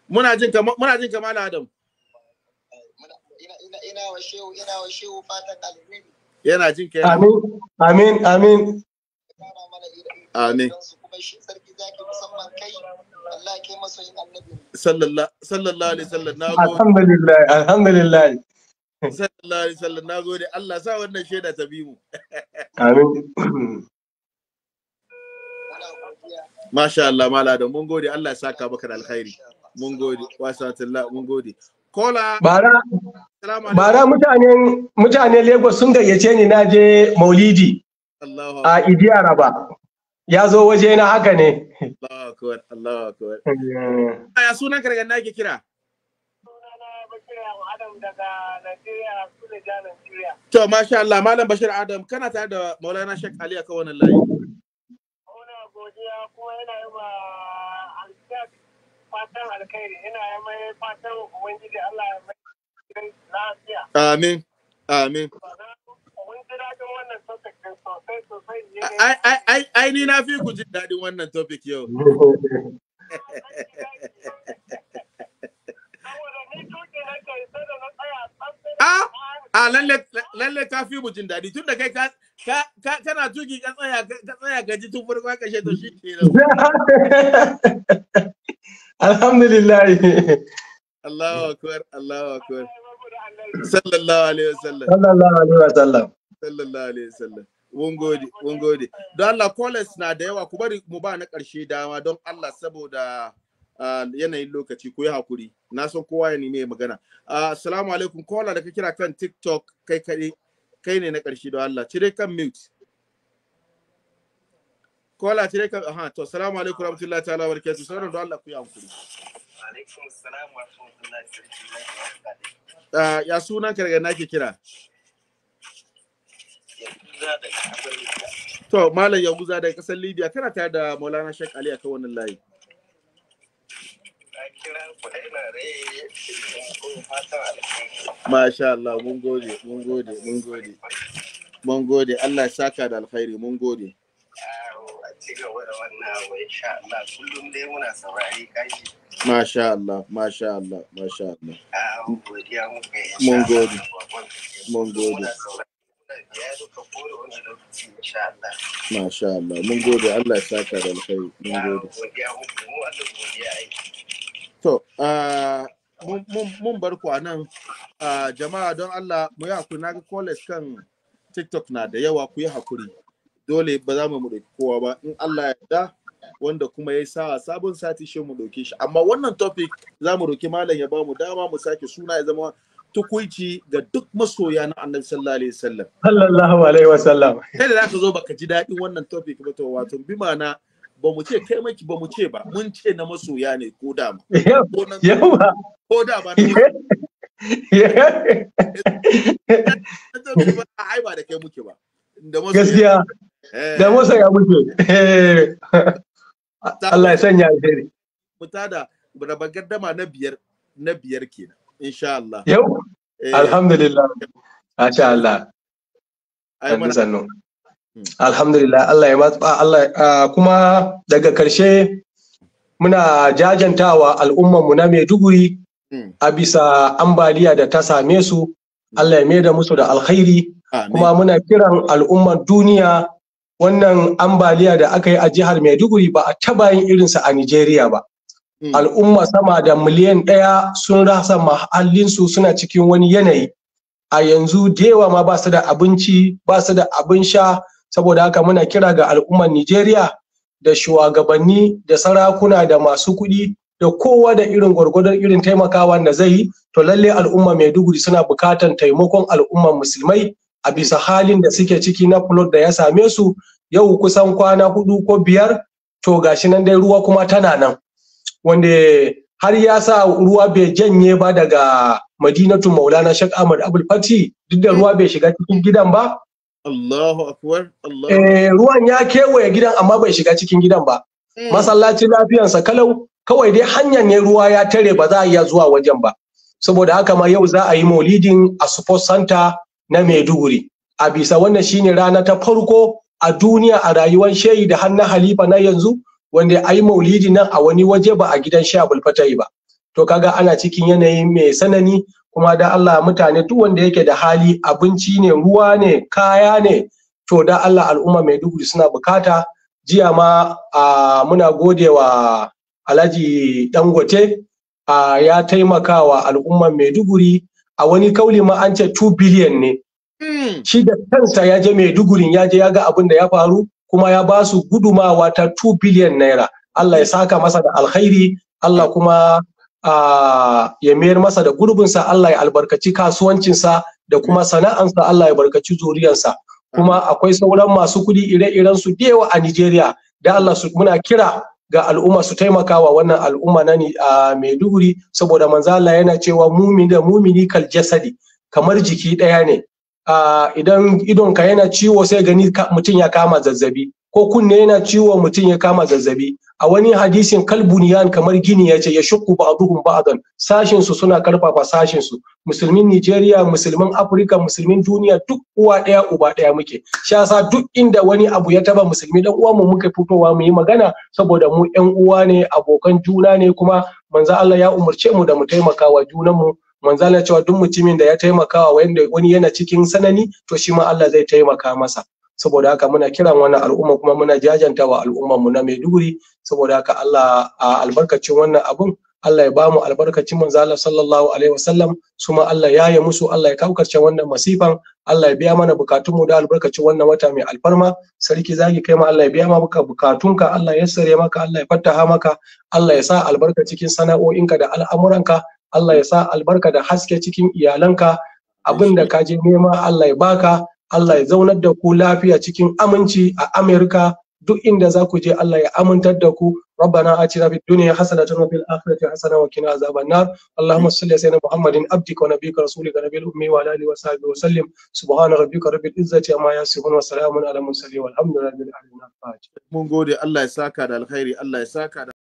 Muna jinka, muna jinka Adam. Ina wa shehu, Amin, amin, amin. Amin. zaki kai, sallallahu alaihi wasallam na gode alhamdulillah alhamdulillah sallallahu alaihi wasallam na gode Allah sa wannan shaida ta bi mu amin Masha Allah mala da mun gode Allah ya saka maka da alkhairi mun gode wa sallallahu mun gode kola bara bara mutanen mutanen Lagos sun gayyace ni naje Maulidi a Idi Araba ya zo waje na haka ne Allah akwai, Allah akwai. Aya sunan kargan na ke kira? To, masha Allah, Malam Bashir Adam, kana tare da Maulana Sheikh Ali a kawanan layi. Muna godiya kuma yana yi ma alkiyar fatan alkhairi, yana yi mai fatan Ubangiji Allah ya mai lafiya. Amin, amin. Ai, ni na fi ku jin one wannan topic yau. A ah, ah, lalle ka fi mu jin daɗi tun da kai kana tuki ka tsaya ka tsaya tun farko ka to shi Alhamdulillah. Allahu akbar Allahu akbar. Sallallahu alaihi wasallam. Sallallahu alaihi wasallam. Sallallahu alaihi wasallam. Wongodi, gode, mun gode. Don Allah callers na da yawa ku bari mu ba na ƙarshe dama don Allah saboda ah, yanayin lokaci ku yi hakuri. Na san kowa ya nemi magana. Ah, assalamu alaikum kola da ka kira kan TikTok kai kai kai ne na ƙarshe don Allah. Cire kan mute. Kola cire kan aha to assalamu alaikum warahmatullahi ta'ala barakatuh. sai don Allah ku yi hakuri. Alaikum assalam warahmatullahi ta'ala. Ah, ya sunan ka daga nake kira? To, Malam Yahuza daga ƙasar Libya, kana tare da Maulana Sheikh Ali a kan wannan layi. Masha Allah, mun gode, mun gode, mun gode. Mun gode, Allah ya saka da alkhairi, mun gode. Masha Allah, masha Allah, masha Allah. Mun gode, mun gode. Allah masha Allah mun gode ya saka da alkhairi mun gode to mun bar ku nan jama'a don Allah mu yi hakuri naga college kan TikTok na da yawa ku yi hakuri dole ba za mu mu kowa ba in Allah ya yarda wanda kuma ya sa sabon sati shi mu ɗauki shi amma wannan topic za mu roki malam ya ba mu dama mu sake suna ya zama tukuici ga duk masoya na annabi sallallahu alaihi wasallam sallallahu alaihi wasallam kai da zaka zo baka ji daɗin wannan topic ba to wato bi ma'ana ba mu ce kai maki ba mu ce ba mun ce na masoya ne ko da ma ko da ba ai ba da kai muke ba gaskiya eh. da masoya muke eh. Allah ya sanya alheri mutada rabar gardama na biyar na biyar kenan yau eh, hmm. alhamdulillah Allah sannu ah, kuma daga karshe muna jajantawa al'ummar mu na Maiduguri hmm. a bisa ambaliya da ta same su hmm. Allah ya maida musu da alkhairi kuma muna kiran al'umman duniya wannan ambaliya da aka yi a jihar Maiduguri ba a taba yin irinsa a Nijeriya ba Mm. al'umma sama da miliyan ɗaya sun rasa mahallinsu suna cikin wani yanayi a yanzu da yawa ma ba su da abinci ba su da abin sha saboda haka muna kira ga al'ummar Nijeriya da shugabanni da sarakuna da masu kuɗi da kowa da irin gwargwadon irin taimakawa da zai yi to lalle al'umma mai Maiduguri suna bukatan taimakon al'ummar musulmai a bisa halin da suke ciki na flood da ya same su yau kusan kwana hudu ko biyar to gashi nan dai ruwa kuma tana nan wanda har ya sa ruwa bai janye ba daga madinatu maulana shak ahmad abul fati duk da ruwa bai shiga cikin gidan ba Allahu akbar Allahu eh, ruwan ya kewaye gidan amma bai shiga cikin gidan ba hmm. masallaci lafiyansa kalau kawai dai hanyar ne ruwa ya tare ba za a iya zuwa wajen ba saboda haka ma yau za a yi maulidin a sports center na maiduguri a bisa wannan shine rana ta farko a duniya a rayuwar shehi da har na halifa na yanzu wanda yi maulidi nan a wani waje ba a gidan shi abul ba to kaga ana cikin yanayi mai sanani kuma da Allah mutane duk wanda yake da hali abinci ne ruwa ne kaya ne to da Allah al'umma mai duhu suna bukata jiya ma muna gode wa Alhaji Dangote ya taimaka wa mai Maiduguri a wani kauli ma an ce 2 billion ne. Hmm. Shi da kansa ya je Maidugurin ya je ya ga abin da ya faru kuma ya ba su gudumawa ta 2 biliyan naira Allah ya saka masa da alkhairi Allah kuma ya mayar masa da gurbinsa Allah ya albarkaci kasuwancinsa da kuma sana'ansa Allah ya barkaci zuriyarsa kuma akwai sauran masu kuɗi ire-iren su da yawa a Nigeria da Allah su muna kira ga al'umma su taimaka wa wannan al'umma na uh, Maiduguri saboda manzo Allah yana cewa mumin da mumini kal jasadi kamar jiki ɗaya ne idan idonka yana ciwo sai gani mutum ya kama zazzabi ko kunne yana ciwo mutum ya kama zazzabi a wani hadisin kalbuniyan kamar gini ya ce ya shukku ba'duhum ba'dan sashin su suna karfafa sashin su musulmin Nigeria musulmin Afirka musulmin duniya duk uwa daya uba daya muke shi yasa duk inda wani abu ya taba musulmi dan uwa mu muke fitowa mu yi magana saboda mu yan uwa ne abokan juna ne kuma manzo Allah ya umarce mu da mu taimaka wa junan mu manzo ya cewa duk mutumin da ya taimakawa wanda wani yana cikin sanani to shi ma Allah zai taimaka masa saboda haka muna kiran wannan al'umma kuma muna jajanta wa al'ummar mu na Maiduguri saboda haka Allah a albarkacin wannan abun Allah ya bamu albarkacin manzo Allah sallallahu alaihi wasallam su ma Allah ya yi musu Allah ya kaukarce wannan masifan Allah ya biya mana bukatun da albarkacin wannan wata mai alfarma sarki zaki kai ma Allah ya biya maka bukatunka Allah ya sare maka Allah ya fattaha maka Allah ya sa albarka cikin sana'o'inka da al'amuranka Allah ya sa albarka da haske cikin iyalanka abin da kaji nema Allah ya baka Allah ya zaunar da ku lafiya cikin aminci a Amerika duk inda za ku je Allah ya amintar da ku rabbana atina fid dunya hasanatan wa fil akhirati hasanatan wa qina azaban nar allahumma salli ala sayyidina muhammadin abdika wa nabiyyika rasulika nabiyil ummi wa ala alihi wa sahbihi wa sallim subhana rabbika rabbil izzati amma yasifun wa salamun ala mursalin walhamdulillahi rabbil alamin mun gode Allah ya saka da alkhairi Allah ya saka da